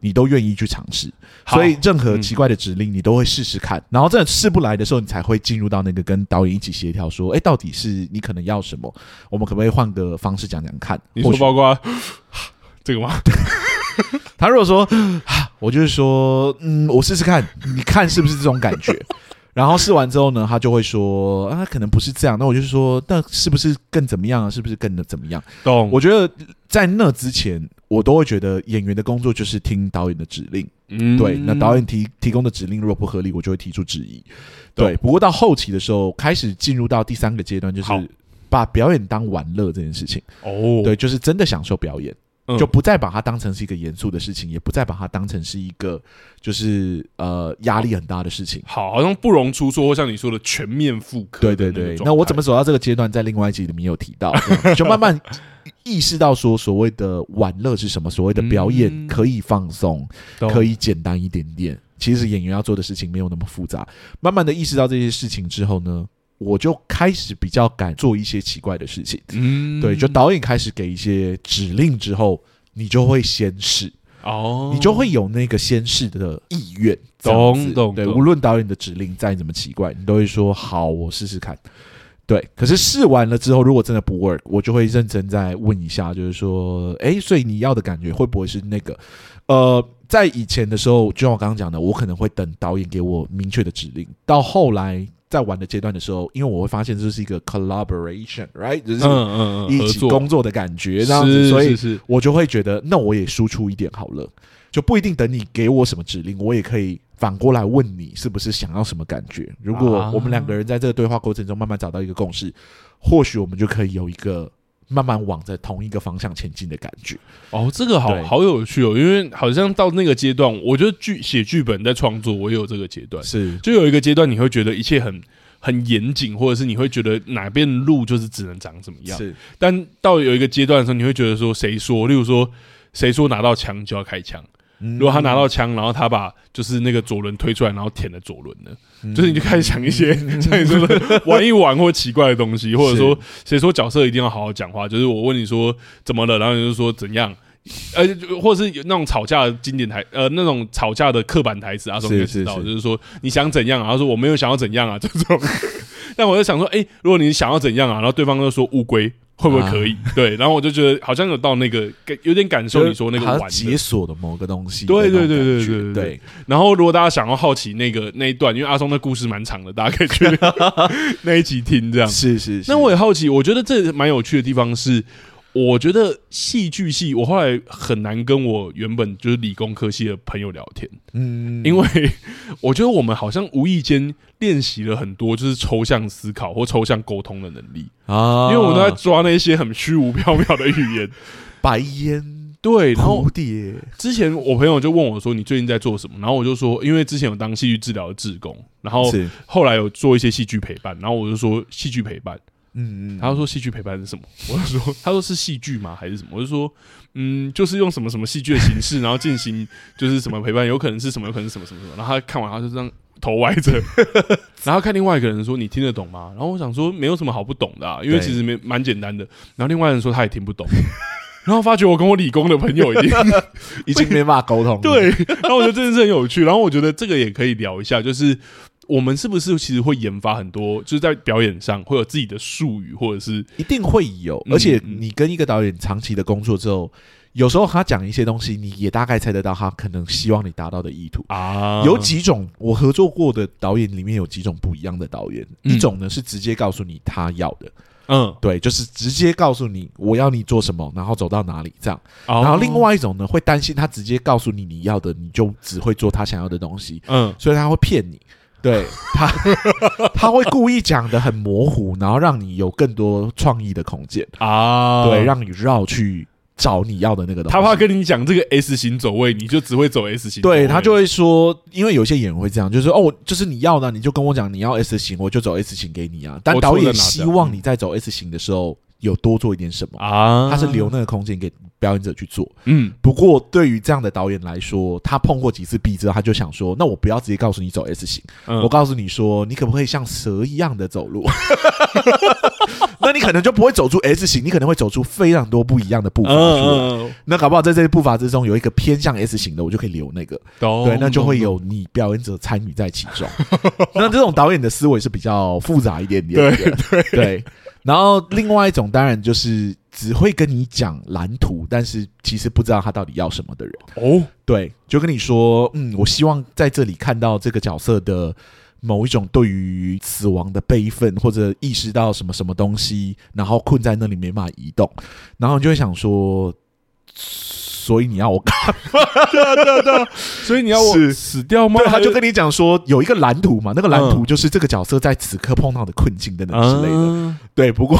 [SPEAKER 2] 你都願意去嘗試，好所以任何奇怪的指令你都會試試看，嗯、然後真的試不來的時候，你才會進入到那個跟導演一起協調，說：“哎、欸，到底是你可能要什麼？我們可不可以換個方式講講看？”你說包
[SPEAKER 1] 括許、啊、這個嗎？
[SPEAKER 2] 他如果說啊，我就是說，嗯，我試試看，你看是不是這種感覺？ 然後試完之後呢，他就會說啊，可能不是這樣。那我就是說，那是不是更怎麼樣？是不是更的怎麼樣？懂？我覺得在那之前，我都會覺得演員的工作就是聽導演的指令。嗯、對，那導演提提供的指令如果不合理，我就會提出質疑。對，對，不過到後期的時候，開始進入到第三個階段，就是把表演當玩樂這件事情。哦，好，對，就是真的享受表演。就不再把它當成是一個嚴肅的事情，嗯、也不再把它當成是一個就是呃壓力很大的事情。哦、好，
[SPEAKER 1] 好像不容出錯，或像你說的全面複刻。
[SPEAKER 2] 對對對，那我怎麼走到這個階段，在另外一集裡面有提到，就慢慢意識到說所謂的玩樂是什麼，所謂的表演可以放鬆，嗯、可以簡單一點點。懂其實演員要做的事情沒有那麼複雜。慢慢的意識到這些事情之後呢，我就開始比較敢做一些奇怪的事情，嗯，對，就導演開始給一些指令之後，你就會先試，哦，你就會有那個先試的意願，懂懂？對，無論導演的指令再怎麼奇怪，你都會說好，我試試看。對，可是試完了之後，如果真的不 work，我就會認真再問一下，就是說，哎，所以你要的感覺會不會是那個？呃，在以前的時候，就像我剛剛講的，我可能會等導演給我明確的指令，到後來。在玩的階段的時候，因為我會發現這是一個 collaboration，right，就是一起工作的感覺，這樣子，嗯嗯，所以是我就會覺得，那我也輸出一點好了，就不一定等你給我什麼指令，我也可以反過來問你是不是想要什麼感覺。如果我們兩個人在這個對話過程中慢慢找到一個共識，或許我們就可以有一個。慢慢往著同一個方向前進的感覺
[SPEAKER 1] 哦，這個好好有趣哦，對因為好像到那個階段，我覺得劇寫劇本在創作，我也有這個階段。是，就有一個階段你會覺得一切很很嚴謹，或者是你會覺得哪邊路就是只能長怎麼樣，是，但到有一個階段的時候，你會覺得說，誰說，例如說誰說拿到槍就要開槍。如果他拿到槍，嗯、然後他把就是那個左輪推出來，然後填了左輪的，嗯、就是你就開始想一些、嗯、像你說的玩一玩或奇怪的東西， 或者說誰說角色一定要好好講話？是，就是我問你說怎麼了，然後你就說怎樣，呃，或者是有那種吵架的經典台，呃那種吵架的刻板台詞啊什麼的，知道？是是是，就是說你想怎樣、啊？然後說我沒有想要怎樣啊這種。但我在想說，哎、欸，如果你想要怎樣啊，然後對方就說烏龜。會不會可以？啊、對，然後我就覺得好像有到那個，有點感受你說那個環節解
[SPEAKER 2] 鎖的某個東西。對對對對對對。
[SPEAKER 1] 然後，如果大家想要好奇那個那一段，因為阿松的故事蠻長的，大家可以去 那一集聽。這樣是是是、是。那我也好奇，我覺得這蠻有趣的地方是。我覺得戲劇系，我後來很難跟我原本就是理工科系的朋友聊天，嗯，因為我覺得我們好像無意間練習了很多就是抽象思考或抽象溝通的能力啊，因為我都在抓那些很虛無縹緲的語言，白煙，對，然後蝴蝶。之前我朋友就問我說：“你最近在做什麼？”然後我就說：“因為之前有當戲劇治療的志工，然後後來有做一些戲劇陪伴。”然後我就說：“戲劇陪伴。”嗯嗯，嗯，他說戲劇陪伴是什麼？我就說，他說是戲劇嗎？還是什麼？我就說，嗯，就是用什麼什麼戲劇的形式，然後進行就是什麼陪伴，有可能是什麼，有可能是什麼什麼什麼。然後他看完，他就這樣頭歪着，然後看另外一個人說：“你聽得懂嗎？”然後我想說，沒有什麼好不懂的啊，因為其實沒蠻對 簡單的。然後另外人說他也聽不懂，然後發覺我跟我理工的朋友已經 已經沒辦法溝通。對，然後我覺得這件事很有趣，然後我覺得這個也可以聊一下，就是。我們是不是其實會研發
[SPEAKER 2] 很多，就是在表演上會有自己的術語，或者是一定會有。而且你跟一個導演長期的工作之後，有時候他講一些東西，你也大概猜得到他可能希望你達到的意圖啊。有幾種我合作過的導演裡面有幾種不一樣的導演，嗯、一種呢是直接告訴你他要的，嗯，對，就是直接告訴你我要你做什麼，然後走到哪裡這樣。然後另外一種呢會擔心他直接告訴你你要的，你就只會做他想要的東西，嗯，所以他會騙你。 對他，他會故意講的很模糊，然後讓你有更多創意的空間
[SPEAKER 1] 啊，oh. 對，讓
[SPEAKER 2] 你繞去找你要的那個東西。他怕
[SPEAKER 1] 跟你講這個 S 型走位，你就只會走 S 型。對，他
[SPEAKER 2] 就會說，因為有些演員會這樣，就是說哦，就是你要的，你就跟我講你要 S 型，我就走 S 型給你啊。但導演希望你在走 S 型的時候。有多做一點什麼啊？他是留那個空間給表演者去做。嗯，不過對於這樣的導演來說，他碰過幾次壁之後，他就想說：那我不要直接告訴你走 S 型，我告訴你說，你可不可以像蛇一樣的走路？那你可能就不會走出 S 型，你可能會走出非常多不一樣的步伐。那搞不好在這些步伐之中有一個偏向 S 型的，我就可以留那個。對，那就會有你表演者參與在其中。那這種導演的思維是比較複雜一點點。對對。然後，另外一種當然就是只會跟你講藍圖，但是其實不知道他到底要什麼的人哦。對，就跟你說，嗯，我希望在這裡看到這個角色的某一種對於死亡的悲憤，或者意識到什麼什麼東西，然後困在那裡沒辦法移動，然後你就會想說。所以你要我幹嘛？ 對對對，所以你要我死掉嗎？對，他就跟你講說有一個藍圖嘛，那個藍圖就是這個角色在此刻碰到的困境等等之類的。嗯、對，不過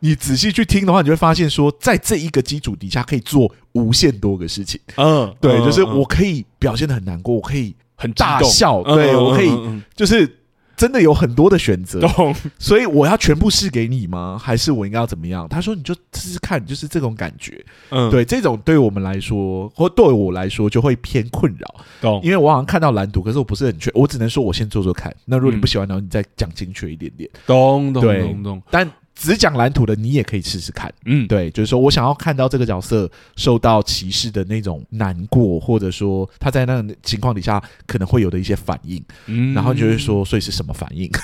[SPEAKER 2] 你仔細去聽的話，你就會發現說，在這一個基礎底下可以做無限多個事情。嗯，
[SPEAKER 1] 對，就是我
[SPEAKER 2] 可以表現得很難過，我可以很大笑，嗯、對我可以就是。真的有很多的選擇，懂所以我要全部試給你嗎？還是我應該要怎麼樣？他說你就試試看，就是這種感覺。嗯，對，這種對我們來說，或對我來說，就會偏困擾。懂，因為我好像看到藍圖，可是我不是很確。我只能說，我先做做看。那如果你不喜歡、嗯、然後你再講精確一點點。懂懂懂懂，懂懂懂對但。只講藍圖的你也可以試試看，嗯，對，就是說我想要看到這個角色受到歧視的那種難過，或者說他在那種情況底下可能會有的一些反應，嗯，然後你就會說，所以是什麼反應？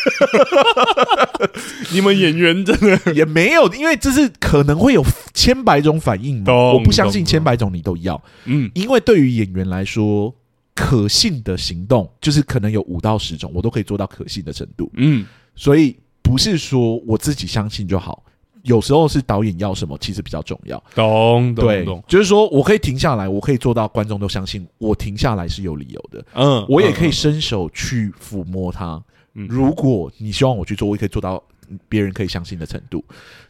[SPEAKER 2] 你們演員真的也沒有，因為這是可能會有千百種反應，我不相信千百種你都要，嗯，因為對於演員來說，可信的行動就是可能有五到十種，我都可以做到可信的程度，嗯，所以。不是說我自己相信就好，有時候是導演要什麼其實比較重要，懂懂，對懂，懂，就是說我可以停下來，我可以做到觀眾都相信我停下來是有理由的，嗯，我也可以伸手去撫摸它。嗯嗯，如果你希望我去做，我也可以做到。別人可以相信的程度，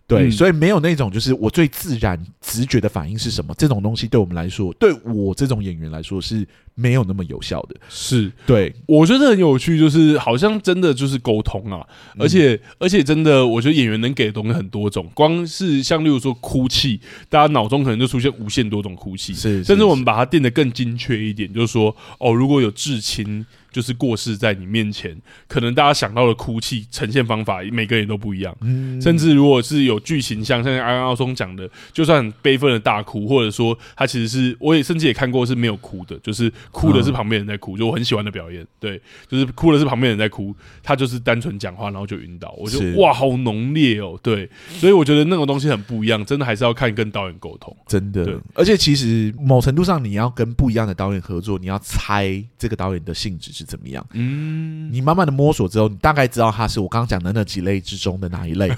[SPEAKER 2] 對，嗯、所以沒有那種就是我最自然直覺的反應是什麼？嗯、這種東西對我們來說，對我這種演員來說是沒有那麼有效的。是對，
[SPEAKER 1] 我覺得很有趣，就是好像真的就是溝通啊，嗯、而且而且真的，我覺得演員能給的東西很多種。光是像例如說哭泣，大家腦中可能就出現無限多種哭泣，是，甚至我們把它定得更精確一點，就是說哦，如果有至親。就是過世在你面前，可能大家想到的哭泣呈現方法每個人都不一樣，嗯、甚至如果是有劇情像像剛剛阿松講的，就算很悲憤的大哭，或者說他其實是我也甚至也看過是沒有哭的，就是哭的是旁邊人在哭，嗯、就我很喜歡的表演，對，就是哭的是旁邊人在哭，他就是單純講話然後就暈倒，我就是哇好濃烈哦、喔，對，所以我覺得那種東西很不一樣，真的還是要看跟導演溝
[SPEAKER 2] 通，真的，對而且其實某程度上你要跟不一樣的導演合作，你要猜這個導演的性質。是怎麼樣？嗯，你慢慢的摸索之後，你大概知道他是我剛剛講的那幾類之中的哪一類，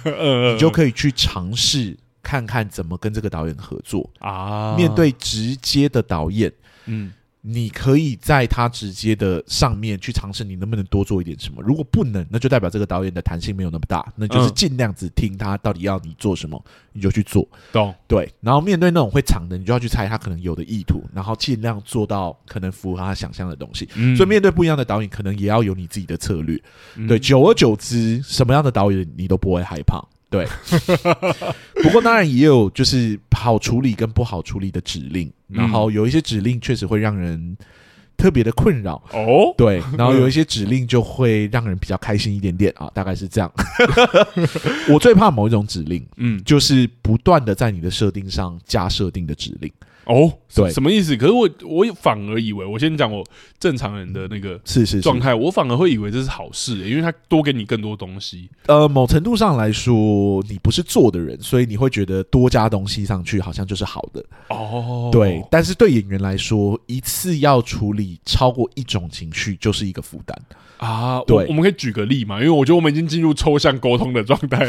[SPEAKER 2] 你就可以去嘗試看看怎麼跟這個導演合作啊。嗯，面對直接的導演，嗯。你可以在他直接的上面去嘗試，你能不能多做一點什麼？如果不能，那就代表這個導演的彈性沒有那麼大，那就是盡量只聽他到底要你做什麼，你就去做。懂？對。然後面對那種會長的，你就要去猜他可能有的意圖，然後盡量做到可能符合他想象的東西。嗯。所以面對不一樣的導演，可能也要有你自己的策略。嗯。對，久而久之，什麼樣的導演你都不會害怕。對，不過當然也有就是好處理跟不好處理的指令，然後有一些指令確實會讓人特別的困擾哦，嗯、對，然後有一些指令就會讓人比較開心一點點啊，大概是這樣。 我最怕某一種指令，嗯，就是不斷的在你的設定上加設定的指令。哦，oh, 對，什麼意思？可是我我反而以
[SPEAKER 1] 為，我先講我正常人的那個狀態，是是是我反而會以為這是好事欸，因為他多給你更多東西。
[SPEAKER 2] 呃，某程度上來說，你不是做的人，所以你會覺得多加東西上去好像就是好的。哦，oh. 對，但是對演員來說，一次要處理超過一種情緒，就是一個負擔。
[SPEAKER 1] 啊，對，我，我們可以舉個例嘛，因為我覺得我們已經進入抽象溝通的狀態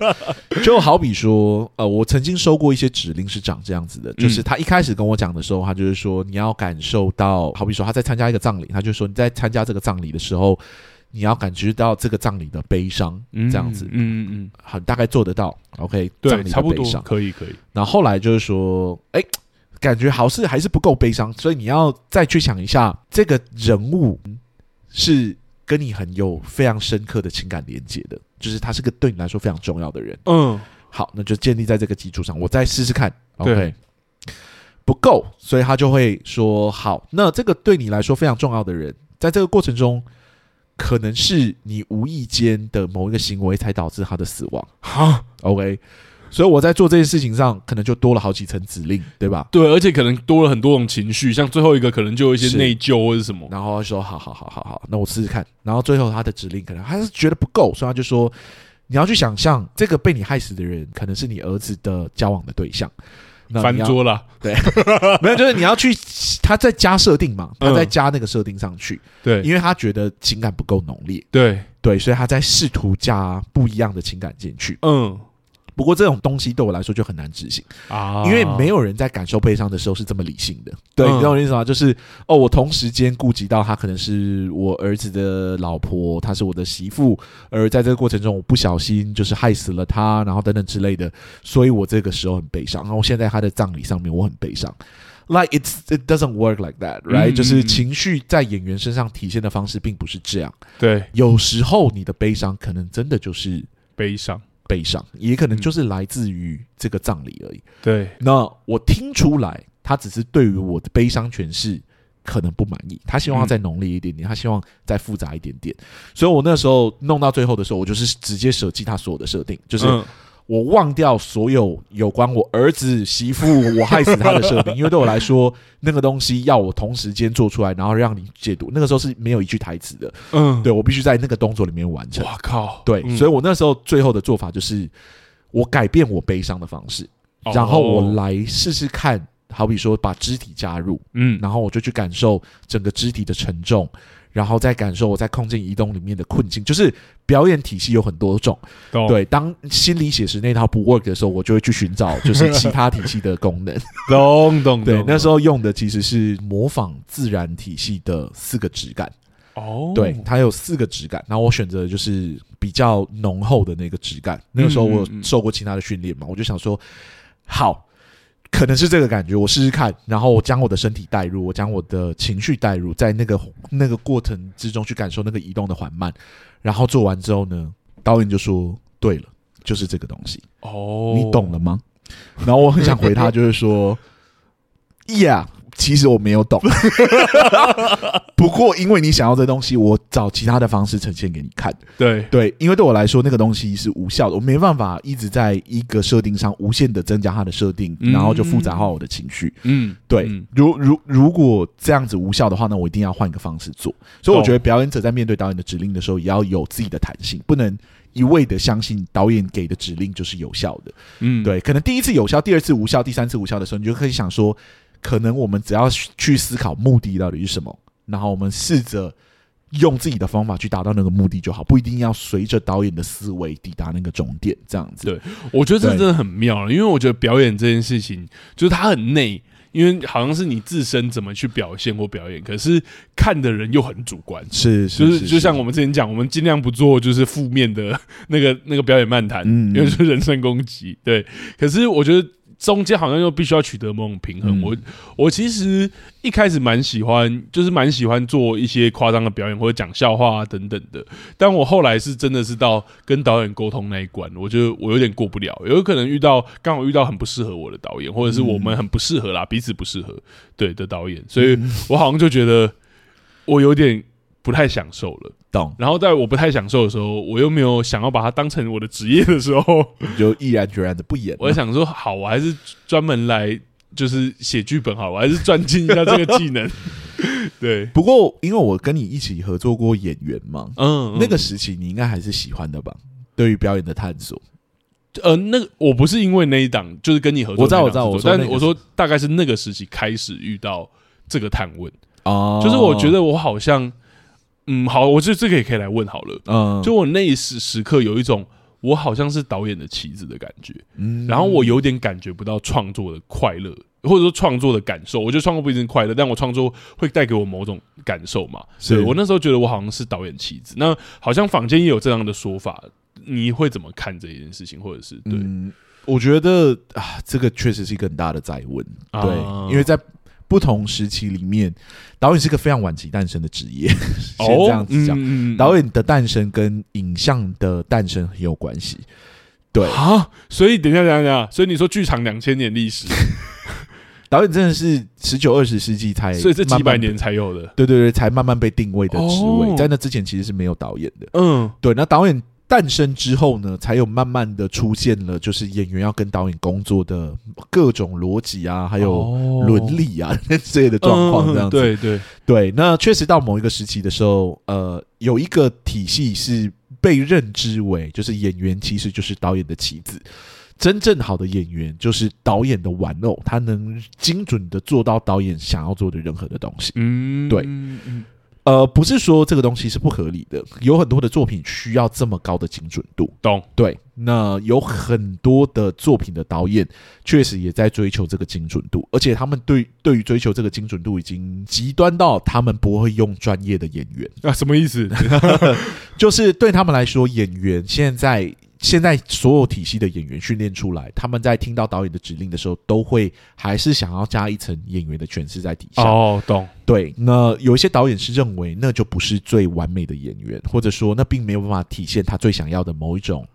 [SPEAKER 1] 了。
[SPEAKER 2] 就好比說，呃，我曾經收過一些指令是長這樣子的，就是他一開始跟我講的時候，他就是說你要感受到，好比說他在參加一個葬禮，他就是說你在參加這個葬禮的時候，你要感覺到這個葬禮的悲傷，嗯、這樣子嗯，嗯嗯，很大概做得到，OK，對葬禮差不多可以可以，可以，然後後來就是說，哎、欸，感覺好似還是不夠悲傷，所以你要再去想一下這個人物是。跟你很有非常深刻的情感連接的，就是他是個對你來說非常重要的人。嗯，好，那就建立在這個基礎上，我再試試看。對 OK，不夠，所以他就會說：“好，那這個對你來說非常重要的人，在這個過程中，可能是你無意間的某一個行為才導致他的死亡。蛤”好，OK。所以我在做這件事情上，可能就多了好幾層指令，對吧？
[SPEAKER 1] 對，而且可能多了很多種情緒，像最後一個可能就有一些內疚或者什麼，然後他說好好好好好，
[SPEAKER 2] 那我試試看。然後最後他的指令可能他是覺得不夠，所以他就說你要去想象這個被你害死的人，可能是你兒子的交往的對象，翻桌了。對， 沒有，就是你要去他在加設定嘛，他在加那個設定上去。對、嗯，因為他覺得情感不夠濃烈。對對，所以他在試圖加不一樣的情感進去。嗯。不過這種東西對我來說就很難執行啊，因為沒有人在感受悲傷的時候是這麼理性的。對，嗯，你懂我意思嗎？就是哦，我同時間顧及到他，可能是我兒子的老婆，她是我的媳婦，而在這個過程中我不小心就是害死了她，然後等等之類的，所以我這個時候很悲傷。然後我現在他的葬禮上面我很悲傷。Like it's it, it doesn't work like that, right？嗯，就是情緒在演員身上體現的方式並不是這樣。對，有時候你的悲傷可能真的就是悲傷。悲傷也可能就是來自於這個葬禮而已。對、嗯，那我聽出來，他只是對於我的悲傷詮釋可能不滿意，他希望要再濃烈一點點，嗯、他希望再複雜一點點。所以我那時候弄到最後的時候，我就是直接捨棄他所有的設定，就是、嗯。我忘掉所有有關我兒子媳婦，我害死他的設定，因為對我來說，那個東西要我同時間做出來，然後讓你解讀。那個時候是沒有一句台詞的，嗯，對，我必須在那個動作裡面完成。我靠，對，所以我那時候最後的做法就是，我改變我悲傷的方式，然後我來試試看，好比說把肢體加入，嗯，然後我就去感受整個肢體的沉重。然後再感受我在空間移動裡面的困境，就是表演體系有很多種。懂對，當心理寫實那套不 work 的時候，我就會去尋找就是其他體系的功能。懂懂。對，那時候用的其實是模仿自然體系的四個質感。
[SPEAKER 1] 哦，對，
[SPEAKER 2] 它有四個質感，然後我選擇就是比較濃厚的那個質感。那個時候我受過其他的訓練嘛，我就想說好。可能是這個感覺，我試試看，然後我將我的身體帶入，我將我的情緒帶入，在那個那個過程之中去感受那個移動的緩慢，然後做完之後呢，導演就說：“對了，就是這個東西哦，你懂了嗎？”然後我很想回他，就是說：「呀。」 yeah, 其實我沒有懂， 不過因為你想要的東西，我找其他的方式呈現給你看。對對，因為對我來說那個東西是無效的，我沒辦法一直在一個設定上無限的增加它的設定，嗯、然後就複雜化我的情緒。嗯，對。如如如果這樣子無效的話呢，那我一定要換一個方式做。所以我覺得表演者在面對導演的指令的時候，也要有自己的彈性，不能一味的相信導演給的指令就是有效的。嗯，對。可能第一次有效，第二次無效，第三次無效的時候，你就可以想說。可能我們只要去思考目的到底是什麼，然後我們試着用自己的方法去達到那個目的就好，不一定要隨着導演的思維抵達那個終點。這樣子，對，我覺得這真的
[SPEAKER 1] 很妙了，對因為我覺得表演這件事情就是它很內，因為好像是你自身怎麼去表現或表演，可是看的人又很主觀，是，是，是，是，就是，就是，是，是就像我們之前講，我們盡量不做就是負面的那個那個表演漫談，嗯嗯因為就是人身攻擊。對，可是我覺得。中間好像又必須要取得某種平衡。我我其實一開始蠻喜歡，就是蠻喜歡做一些誇張的表演或者講笑話、啊、等等的。但我後來是真的是到跟導演溝通那一關，我覺得我有點過不了，有可能遇到剛好遇到很不適合我的導演，或者是我們很不適合啦，彼此不適合對的導演，所以我好像就覺得我有點。不太享受了，懂。然後在我不太享受的時候，我又沒有想要把它當成我的職業的
[SPEAKER 2] 時候，你就毅然決然的不演了。我
[SPEAKER 1] 在想說，好，我還是專門來就是寫劇本，好，我還是專精一下這個技能。 對，
[SPEAKER 2] 不過因為我跟你一起合作過演員嘛，嗯，嗯，那個時期你應該還是喜歡的吧？對於表演的探索，
[SPEAKER 1] 呃，那我不是因為那一檔，就是跟你合作，作，我我知道，我知道，我說那個、但我說大概是那個時期開始遇到這個探問哦，就是我覺得我好像。嗯，好，我覺得這個也可以來問好了。嗯，就我那一時時刻有一種我好像是導演的棋子的感覺，嗯，然後我有點感覺不到創作的快樂，或者說創作的感受。我覺得創作不一定快樂，但我創作會帶給我某種感受嘛？是我那時候覺得我好像是導演棋子，那好像坊間也有這樣的說法，你會怎麼看這一件事情？或者是
[SPEAKER 2] 對、嗯，我覺得啊，這個確實是一個很大的在問，啊、對，因為在。不同時期裡面，導演是個非常晚期誕生的職業。先這樣子講，哦，嗯，嗯，導演的誕生跟影像的誕生很有關係。對啊，
[SPEAKER 1] 所以等一下等一下。所以你說劇場兩千年歷史，
[SPEAKER 2] 導演真的是十九二十世紀才慢慢，所以這幾百年才有的。對對對，才慢慢被定位的職位，哦，在那之前其實是沒有導演的。嗯，對，那導演。誕生之後呢，才有慢慢的出現了，就是演員要跟導演工作的各種邏輯啊，還有倫理啊之、哦、類的狀況這樣子。嗯、對對對，那確實到某一個時期的時候，呃，有一個體系是被認知為，就是演員其實就是導演的棋子，真正好的演員就是導演的玩偶，他能精準的做到導演想要做的任何的東西。嗯，對。呃，不是說這個東西是不合理的，有很多的作品需要這麼高的精準度，懂？對，那有很多的作品的導演確實也在追求這個精準度，而且他們對對於追求這個精準度已經極端到他們不會用專業的演員，啊。什麼意思？ 就是對他們來說，演員現在。現在所有體系的演員訓練出來，他們在聽到導演的指令的時候，都會還是想要加一層演員的詮釋在底下。哦，懂。對，那有一些導演是認為，那就不是最完美的演員，或者說那並沒有辦法體現他最想要的某一種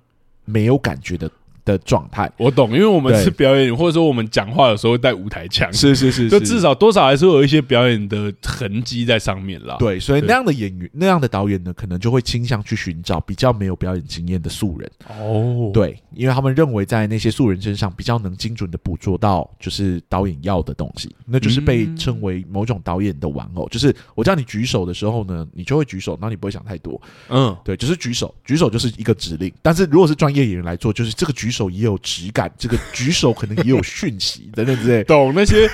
[SPEAKER 2] 沒有感覺的。的狀態我懂，因為我們是
[SPEAKER 1] 表演，對或者說我們講話的時候會帶舞台腔，是是是，是， 就至少多少還是有一些表演的痕跡在上面了。對，所以那樣的
[SPEAKER 2] 演員，對那樣的導演呢，可能就會傾向去尋找比較沒有表演經驗的素人。哦，對，因為他們認為在那些素人身上比較能精準的捕捉到就是導演要的東西，那就是被稱為某種導演的玩偶。嗯、就是我叫你舉手的時候呢，你就會舉手，那你不會想太多。嗯，對，就是舉手，舉手就是一個指令。但是如果是專業演員來做，就是這個舉手。手也有質感，這個舉手可能也有訊息等等之類， 對
[SPEAKER 1] 對，懂那些？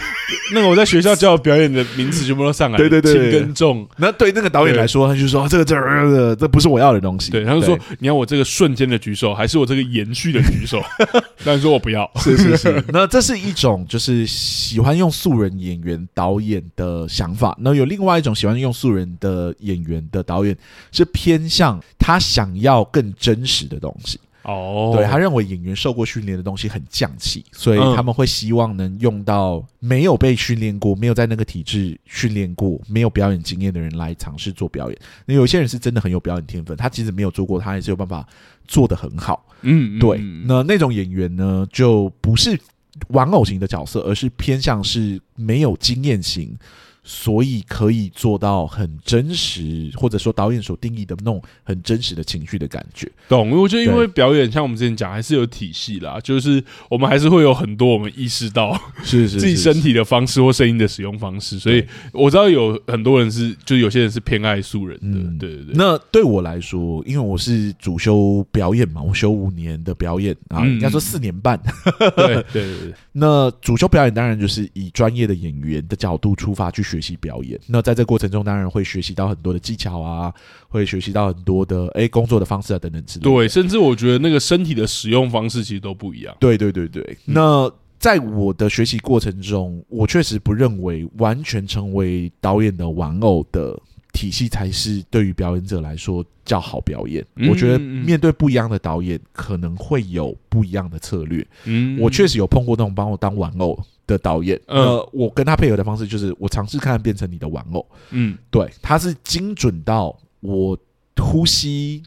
[SPEAKER 1] 那個，我在學校教表演的名字全部都上來，對對對，輕跟重。那對那個導演來說，
[SPEAKER 2] 欸、他就說、啊、這個這、啊、這個、不是我要的東西。對，他就說對
[SPEAKER 1] 你要我這個瞬間的舉手，還是我這個延續的舉手？他 說我不要。是是是。
[SPEAKER 2] 那這是一種就是喜歡用素人演員導演的想法。那有另外一種喜歡用素人的演員的導演，是偏向他想要更真實的東西。哦，oh. 對，他認為演員受過訓練的東西很匠氣，所以他們會希望能用到沒有被訓練過、沒有在那個體制訓練過、沒有表演經驗的人來嘗試做表演。那有些人是真的很有表演天分，他即使沒有做過，他也是有辦法做得很好。嗯、mm，hmm. 對。那那種演員呢，就不是玩偶型的角色，而是偏向是沒有經驗型。所以可以做到很真實，或者說導演所定義的那種很真實的情緒的感覺。
[SPEAKER 1] 懂，我覺得因為表演，像我們之前講，還是有體系啦，就是我們還是會有很多我們意識到是，是，是，是，是自己身體的方式或聲音的使用方式。所以我知道有很多人是，就有些人是偏愛素人的，嗯、對對
[SPEAKER 2] 對。那對我來說，因為我是主修表演嘛，我修五年的表演啊，應該說四年半。嗯、 對對對，對。那主修表演當然就是以專業的演員的角度出發去學。學習表演，那在這過程中當然會學習到很多的技巧啊，會學習到很多的欸，工作的方式啊等等之類的。
[SPEAKER 1] 對，甚至我覺得那個身體的使用方式其實都不一樣。
[SPEAKER 2] 對對對對。那在我的學習過程中，我確實不認為完全成為導演的玩偶的。體系才是對於表演者來說較好表演。我覺得面對不一樣的導演，可能會有不一樣的策略。嗯，我確實有碰過那種把我當玩偶的導演。呃，我跟他配合的方式就是，我嘗試看變成你的玩偶。嗯，對，他是精準到我呼吸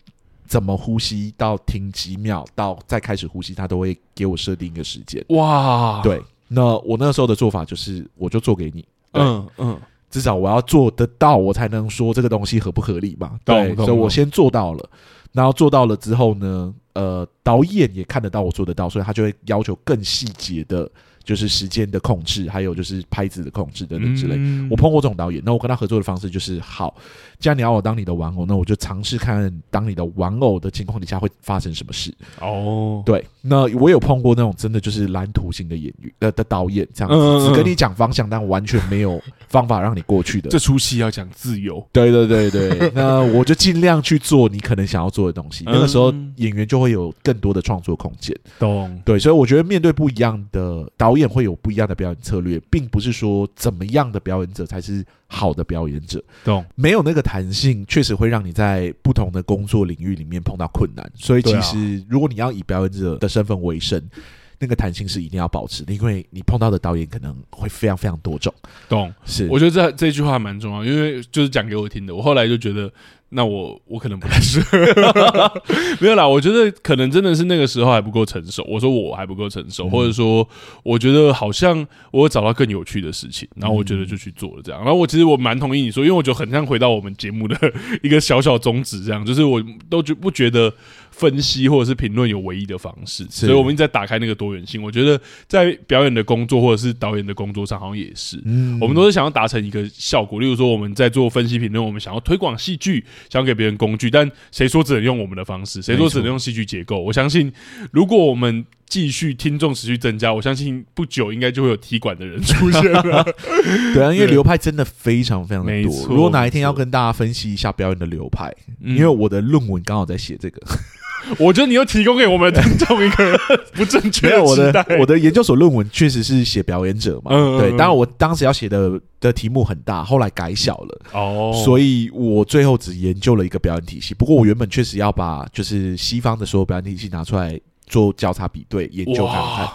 [SPEAKER 2] 怎麼呼吸，到停幾秒，到再開始呼吸，他都會給我設定一個時間。哇，對，那我那時候的做法就是，我就做給你。嗯嗯。至少我要做得到，我才能說這個東西合不合理嘛。對，對，對。所以我先做到了，然後做到了之後呢，呃，導演也看得到我做得到，所以他就會要求更細節的。就是時間的控制，還有就是拍子的控制等等之類。嗯、我碰過這種導演，那我跟他合作的方式就是：好，既然你要我當你的玩偶，那我就嘗試看當你的玩偶的情況底下會發生什麼事。哦，對，那我有碰過那種真的就是藍圖型的演員、嗯呃、的導演，這樣子只跟你講方向，但完全沒有方法讓你過去的。這齣戲要講自由，嗯、對對對對。 那我就盡量去做你可能想要做的東西，嗯、那個時候演員就會有更多的創作空間。懂，對，所以我覺得面對不一樣的導演演會有不一樣的表演策略，並不是說怎麼樣的表演者才是好的表演者，懂？沒有那個彈性，確實會讓你在不同的工作領域裡面碰到困難。所以，其實、啊、如果你要以表演者的身份為生，那個彈性是一定要保持的，因為你碰到的導演可能會非常非常多種。懂？是，我
[SPEAKER 1] 覺得這這句話蠻重要，因為就是講給我聽的，我後來就覺得。那我我可能不太適合，沒有啦。我覺得可能真的是那個時候還不夠成熟。我說我還不夠成熟，嗯、或者說我覺得好像我有找到更有趣的事情，然後我覺得就去做了這樣。然後我其實我蠻同意你說，因為我就很像回到我們節目的一個小小宗旨這樣，就是我都覺不覺得。分析或者是評論有唯一的方式，所以我們一直在打開那個多元性。我覺得在表演的工作或者是導演的工作上，好像也是，嗯，我們都是想要達成一個效果。例如說，我們在做分析評論，我們想要推廣戲劇，想要給別人工具，但誰說只能用我們的方式？誰說只能用戲劇結構？我相信，如果我們繼續聽眾持續增加，我相信不久應該就會有踢館的人出現了。 對啊，因為流派真的
[SPEAKER 2] 非常非常的多。如果哪一天要跟大家分析一下表演的流派，因為我的論文剛好在寫這個。
[SPEAKER 1] 我覺得你又提供給我們聽眾一個不正確的期待 我的我
[SPEAKER 2] 的研究所論文確實是寫表演者嘛，嗯嗯嗯對。當然，我當時要寫的的題目很大，後來改小了
[SPEAKER 1] 哦，嗯嗯所以
[SPEAKER 2] 我最後只研究了一個表演體系。不過，我原本確實要把就是西方的所有表演體系拿出來做交叉比對研究看看。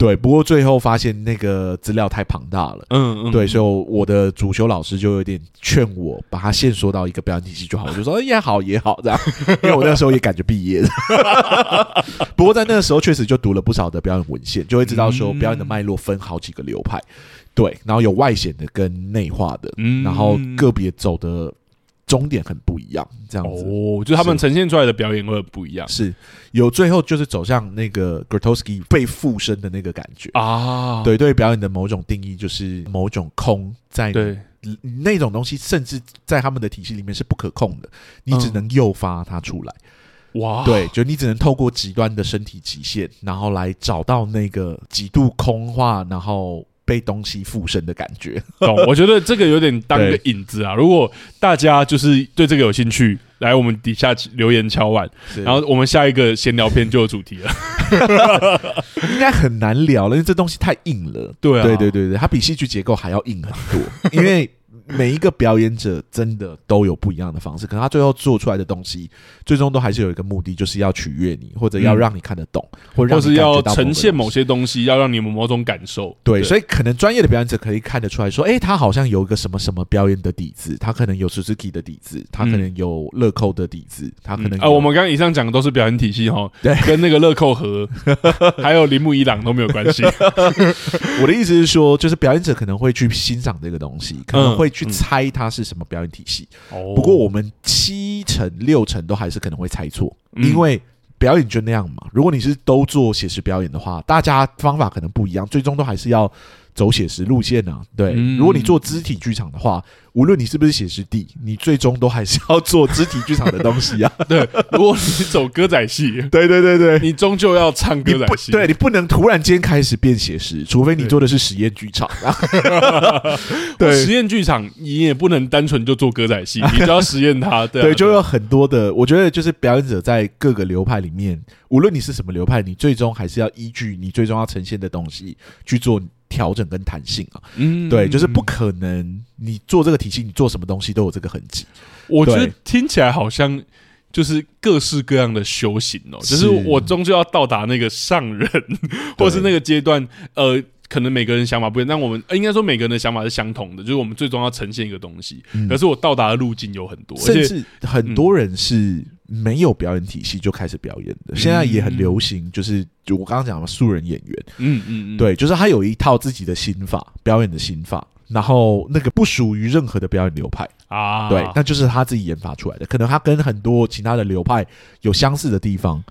[SPEAKER 2] 對，不過最後發現那個資料太龐大了，嗯嗯，嗯對，所以我的主修老師就有點勸我，把它限縮到一個表演體系就好，我就說也好也好這樣， 因為我那時候也感覺畢業了 不過在那個時候確實就讀了不少的表演文獻，就會知道說表演的脈絡分好幾個流派，嗯、對，然後有外顯的跟內化的，嗯、然後個別走的。終點很不一樣，這樣子哦，oh, 就是他們呈
[SPEAKER 1] 現出來的表演會不一
[SPEAKER 2] 樣，是，是有最後就是走向那個 Grotowski 被附身的那個感覺啊，oh. 對，對，對表演的某種定義就是某種空在，對那種東西，甚至在他們的體系裡面是不可控的，你只能誘發它出來，哇、嗯，對，就你只能透過極端的身體極限，然後來找到那個極度空化，然後。被東西附身的感覺、 哦，我
[SPEAKER 1] 覺得這個有點當個引子啊。對如果大家就是對這個有興趣，來我們底下留言敲碗，是然後我
[SPEAKER 2] 們下一個閒聊片就有主題了。應該很難聊了，因為這東西太硬了。對、啊，對，對，對，對，它比戲劇結構還要硬很多， 因為。每一個表演者真的都有不一樣的方式，可能他最後做出來的東西，最終都還是有一個目的，就是要取悅你，或者要讓你看得懂，嗯、或是要呈現某
[SPEAKER 1] 些東西，要讓你們某、某種感受。對，對所
[SPEAKER 2] 以可能專業的表演者可以看得出來說，哎、欸，他好像有一個什麼什麼表演的底子，他可能有鈴木、嗯、的底子，他可能有樂扣的底子，他可能有、嗯、啊，我們
[SPEAKER 1] 剛剛以上講的都是表演體系哈、哦，對，跟那個樂扣和 還有鈴木一朗都沒有關係。
[SPEAKER 2] 我的意思是說，就是表演者可能會去欣賞這個東西，可能會去、嗯。去猜他是什麼表演體系，嗯、不過我們七成六成都還是可能會猜錯，因為表演就那樣嘛。如果你是都做寫實表演的話，大家方法可能不一樣，最終都還是要。走寫實路線呢、啊？對，嗯嗯、如果你做肢體劇場的話，無論你是不是寫實地，你最終都還是要做肢體劇場的東西啊。 對，
[SPEAKER 1] 如果你走歌
[SPEAKER 2] 仔戲， 對對對對，你終究要唱歌仔戲。對，你不能突然間開始變寫實，除非你做的是實驗劇場、啊。對， 對 實驗劇場你也不能單
[SPEAKER 1] 純就做歌仔戲，你只要實驗它對。啊對，啊對，啊、對，就
[SPEAKER 2] 有很多的，我覺得就是表演者在各個流派裡面，無論你是什麼流派，你最終還是要依據你最終要呈現的東西去做。調整跟彈性啊，嗯，嗯，嗯、對，就是不可能。你做這個體系，你做什麼東西都有這個痕跡。我覺得
[SPEAKER 1] 聽起來好像就是各式各樣的修行哦、喔，是 就是我終究要到達那個上人，對 或是那個階段。呃，可能每個人想法不一樣，但我們應該說每個人的想法是相同的，就是我們最終要呈現一個東西。可是我到達的路徑有很多，而且嗯、甚
[SPEAKER 2] 至很多人是。沒有表演體系就開始表演的，嗯嗯嗯，現在也很流行，就是就我剛剛講的素人演員，嗯嗯嗯，對，就是他有一套自己的心法，表演的心法，然後那個不屬於任何的表演流派
[SPEAKER 1] 啊，對，那就
[SPEAKER 2] 是他自己研發出來的，可能他跟很多其他的流派有相似的地方。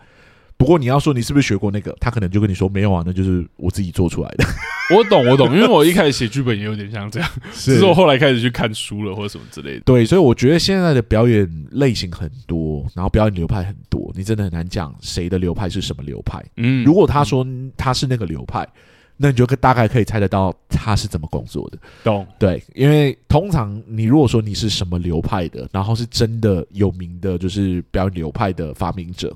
[SPEAKER 2] 不過你要說你是不是學過那個，他可能就跟你說沒有啊，那就是我自己做出來的。
[SPEAKER 1] 我懂，我懂，因為我一開始寫劇本也有點像這樣，是只是我後來開始去看書了，或者什麼之類的。
[SPEAKER 2] 對，所以我覺得現在的表演類型很多，然後表演流派很多，你真的很難講誰的流派是什麼流派。嗯，如果他說他是那個流派，那你就大概可以猜得到他是怎麼工作的。懂？對，因為通常你如果說你是什麼流派的，然後是真的有名的就是表演流派的發明者。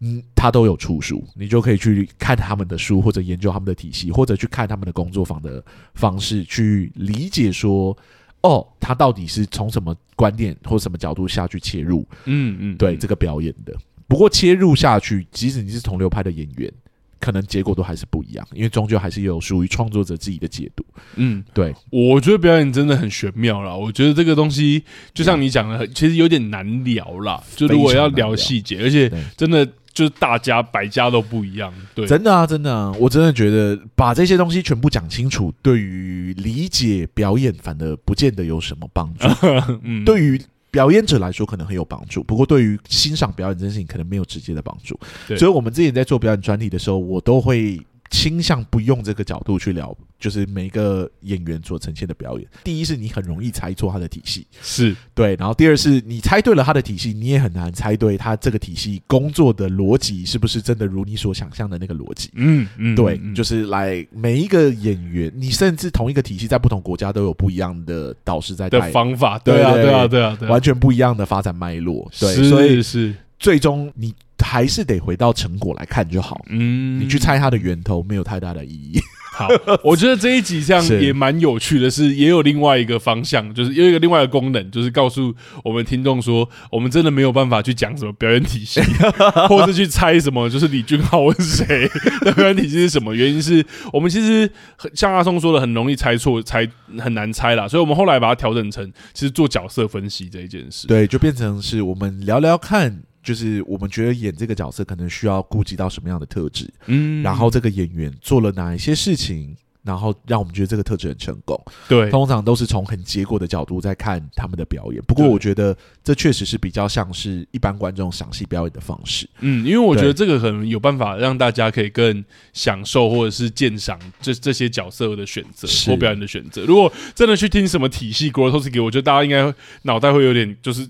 [SPEAKER 2] 嗯，他都有出書，你就可以去看他們的書，或者研究他們的體系，或者去看他們的工作坊的方式，去理解說，哦，他到底是從什麼觀念或什麼角度下去切入。嗯嗯，嗯，對這個表演的。嗯、不過切入下去，即使你是同流派的演員，可能結果都還是不一樣，因為終究還是有屬於創作者自己的解讀。嗯，對，
[SPEAKER 1] 我覺得表演真的很玄妙啦，我覺得這個東西，就像你講的，嗯、其實有點難聊啦，就如果要聊細節，而且真的。就是大家百家都不一樣，對，真
[SPEAKER 2] 的啊，真的啊，我真的覺得把這些東西全部講清楚，對於理解表演反而不見得有什麼幫助。 嗯、對於表演者來說可能很有幫助，不過對於欣賞表演這件事情可能沒有直接的幫助。對 所以，我們自己在做表演專題的時候，我都會。傾向不用這個角度去聊，就是每一個演員所呈現的表演。第一是你很容易猜錯他的體系，是對；然後第二是你猜對了他的體系，你也很難猜對他這個體系工作的邏輯是不是真的如你所想象的那個邏輯、嗯。嗯嗯，對，就是來每一個演員，嗯、你甚至同一個體系在不同國家都有不一樣的導師在帶，方法對啊對啊對啊，完全不一樣的發展脈絡。對，是所以是。最終你還是得回到成果來看就好。嗯，你去猜它的源頭沒有太大的意義。嗯、 好，
[SPEAKER 1] 我覺得這一集這也蠻有趣的，是也有另外一個方向，就是有一個另外一個功能，就是告訴我們聽眾說，我們真的沒有辦法去講什麼表演體系，或是去猜什麼，就是李俊浩是誰，表演體系是什麼原因？是我們其實像阿松說的，很容易猜錯，猜很難猜啦。所以我們後來把它調整成其實做角色分析這一件事。
[SPEAKER 2] 對，就變成是我們聊聊看。就是我們覺得演這個角色可能需要顧及到什麼樣的特質，嗯，然後這個演員做了哪一些事情，嗯、然後讓我們覺得這個特質很成功，對，通常都是從很結果的角度在看他們的表演。不過我覺得這確實是比較像是一般觀眾賞析表演的方式，
[SPEAKER 1] 嗯，因為我覺得這個可能有辦法讓大家可以更享受或者是鑒賞這這些角色的選擇是或表演的選擇。如果真的去聽什麼體系葛羅托斯基，我覺得大家應該腦袋會有點就是。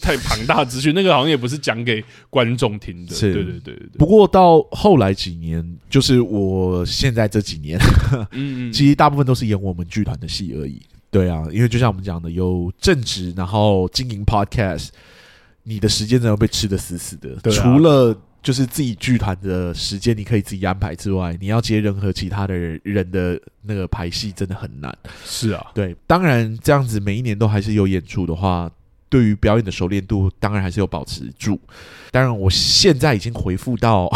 [SPEAKER 1] 太龐大資訊， 那個好像也不是講給觀眾聽的。是對對對
[SPEAKER 2] 對，對。不過到後來幾年，就是我現在這幾年， 嗯嗯，其實大部分都是演我們劇團的戲而已。對啊，因為就像我們講的，有正職，然後經營 Podcast，你的時間真的會被吃得死死的。啊、除了就是自己劇團的時間，你可以自己安排之外，你要接任何其他的人人的那個排戲，真的很難。是啊，對，當然這樣子每一年都還是有演出的話，對於表演的熟練度，當然還是有保持住。當然，我現在已經恢復到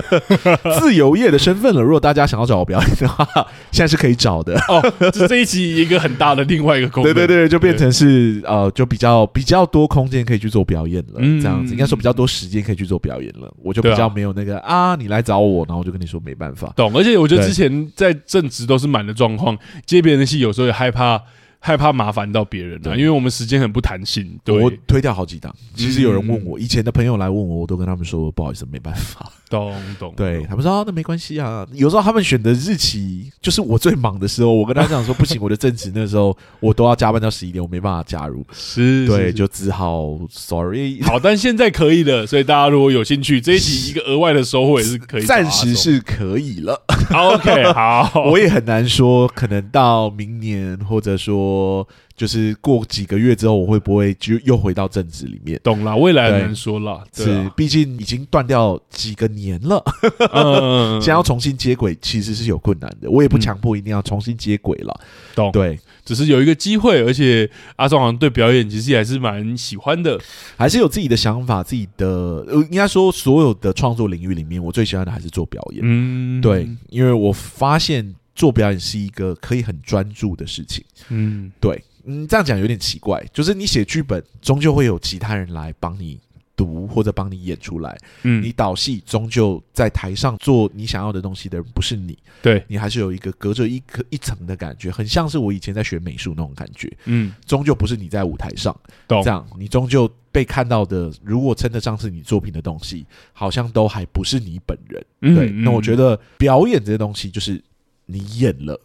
[SPEAKER 2] 自由業的身份了。如果大家想要找我表演的話，現在是可以找的。
[SPEAKER 1] 哦，就這一集，一個很大的另外一個功能，對對對，就變成
[SPEAKER 2] 是對呃，就比較比較多空間可以去做表演了。嗯、這樣子應該說比較多時間可以去做表演了。我就比較沒有那個啊，啊，你來找我，然後我就跟你說沒辦法。懂。而且我覺得之前
[SPEAKER 1] 在正職都是滿的狀況，接別人的戲有時候也害怕，害怕麻煩到別人、啊，了對，因為我們
[SPEAKER 2] 時間很不彈性，對，我推掉好幾檔。其實有人問我，嗯、以前的朋友來問我，我都跟他們說不好意思，沒辦法。懂，懂懂，對他們說、啊、那沒關係啊。有時候他們選的日期就是我最忙的時候，我跟他講說 不行，我的正值那時候我都要加班到十一點，我沒辦法加入。是，是，是，是，對，就只好 sorry。好，但現在可以了，所以大家如果有興趣，
[SPEAKER 1] 這一集一個額外的收穫也是可以，暫時是可以了。Oh, OK，好，
[SPEAKER 2] 我也很難說，可能到明年或者說。我就是過幾個月之後，我會不會就又回到正職裡面？懂了，未來難說了。對對啦是，畢竟已經斷掉幾個年了， 想要重新接軌，其實是有困難的。我也不強迫一定要重新接軌了。懂？對，只是有一個機會。而且阿松好像對表演其實也還是蠻喜歡的，還是有自己的想法，自己的。呃、應該說，所有的創作領域裡面，我最喜歡的還是做表演。嗯，對，因為我發現。做表演是一個可以很專注的事情，嗯，對，嗯，這樣講有點奇怪，就是你寫劇本，終究會有其他人來幫你讀或者幫你演出來，嗯，你導戲終究在台上做你想要的東西的人不是你，對你還是有一個隔着一顆一層的感覺，很像是我以前在學美術那種感覺，嗯，終究不是你在舞台上，懂 這樣你終究被看到的，如果稱得上是你作品的東西，好像都還不是你本人，嗯嗯對，那我覺得表演這些東西就是。你演了，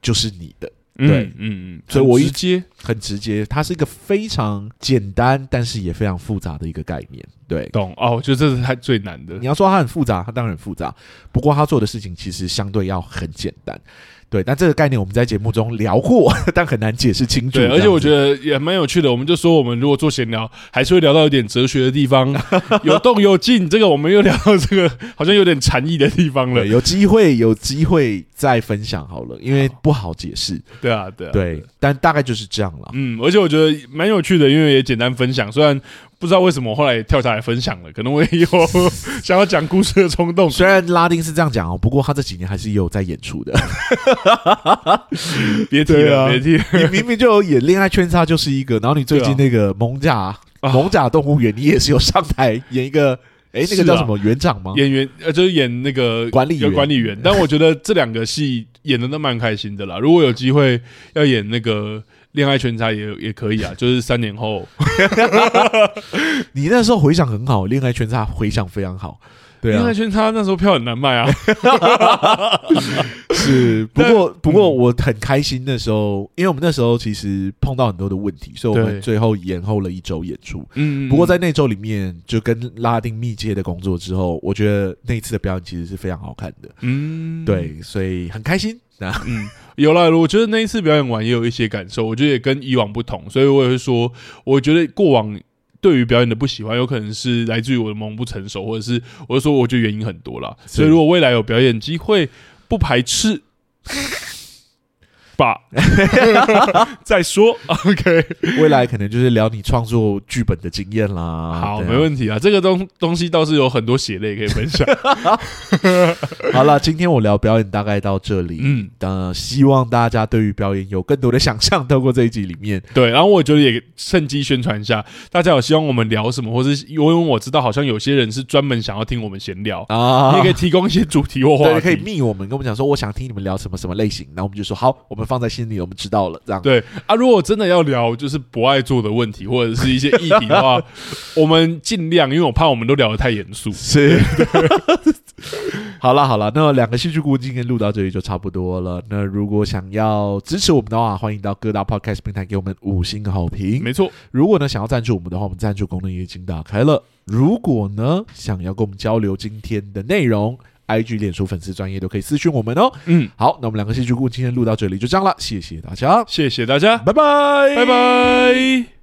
[SPEAKER 2] 就是你的，對，嗯嗯，嗯，所以我一接很直接，它是一個非常簡單，但是也非常複雜的一個概念，對，懂哦？就這是它最難的。你要說它很複雜，它當然很複雜，不過他做的事情其實相對要很簡單。對，那這個概念我們在節目中聊過，但很難解釋清楚。對，而且
[SPEAKER 1] 我覺得也蠻有趣的。我們就說，我們如果做閒聊，還是會聊到一點哲學的地方， 有動有靜。 這個我們又聊到這個好像有點禪意的地方了。
[SPEAKER 2] 有機會，有機會再分享好了，因為不好解釋。對啊，對啊，對，對。但大概就是這樣
[SPEAKER 1] 了。嗯，而且我覺得蠻有趣的，因為也簡單分享，雖然。不知道為什麼後來跳下來分享了，可能我也有
[SPEAKER 2] 想要講故事的衝動。雖然拉丁是這樣講哦，不過他這幾年還是有在演出的。別 提了，別、啊、提了，你明明就有演《戀愛圈叉》，就是一個。然後你最近那個蒙《萌甲萌甲動物園》，你也是有上台演一個。哎，那個叫什麼園長、啊、嗎？演
[SPEAKER 1] 員呃，就是演那個管理員，管理員。但我覺得這兩個戲演的都蠻開心的啦。如果有機會要演那個《戀愛圈叉》，也也可以啊。就是三年後，
[SPEAKER 2] 你那時候回想很好，《戀愛圈叉》回想非常好。對啊，葉
[SPEAKER 1] 海他那時候票很難賣啊，
[SPEAKER 2] 是。不過，對不過我很開心那時候，嗯、因為我們那時候其實碰到很多的問題，所以我們最後延後了一周演出。嗯對，不過在那周裡面，就跟拉丁密切的工作之後，我覺得那一次的表演其實是非常好看的。嗯，對，所以很開心。
[SPEAKER 1] 嗯， 有了。我覺得那一次表演完也有一些感受，我覺得也跟以往不同，所以我也會說，我覺得過往。對於表演的不喜歡，有可能是來自於我的萌不成熟，或者是我就說，我覺得原因很多啦。是所以，如果未來有表演機會，不排斥。
[SPEAKER 2] 吧，爸 再說，OK。未來可能就是聊你創作劇本的經驗啦。好，啊、沒問題啊，這個東東西倒是有很
[SPEAKER 1] 多血淚可以分
[SPEAKER 2] 享。 好了，今天我聊表演大概到這裡，嗯，然、呃、希望大家對於表演有更多的想象，透過這一集裡面。對，然後我覺得也
[SPEAKER 1] 趁機宣傳一下，大家有希望我們聊什麼，或是因為我知道好像有些人是專門想要聽我們閒聊啊，你也可以提供一些主題或話題，對，可以
[SPEAKER 2] 密我們，跟我們講說我想聽你們聊什麼什麼類型，然後我們就說好，我們。放在心裡，我們知道了。這樣。對啊，如果真的要聊就是不愛
[SPEAKER 1] 做的問題或者是一些議題的話， 我們儘量，因為我怕我們都聊得太嚴肅。
[SPEAKER 2] 是， 好了好了，那兩個戲劇故事今天錄到這裡就差不多了。那如果想要支持我們的話，歡迎到各大 Podcast 平台給我們五星好評。沒錯，如果呢想要贊助我們的話，我們贊助功能也已經打開了。如果呢想要跟我們交流今天的內容。IG 臉書粉絲專業都可以私信我們哦。嗯，好，那我們兩個戲劇顧問今天錄到這裡就這樣了，謝謝大家，謝謝大家，拜拜，拜拜。拜拜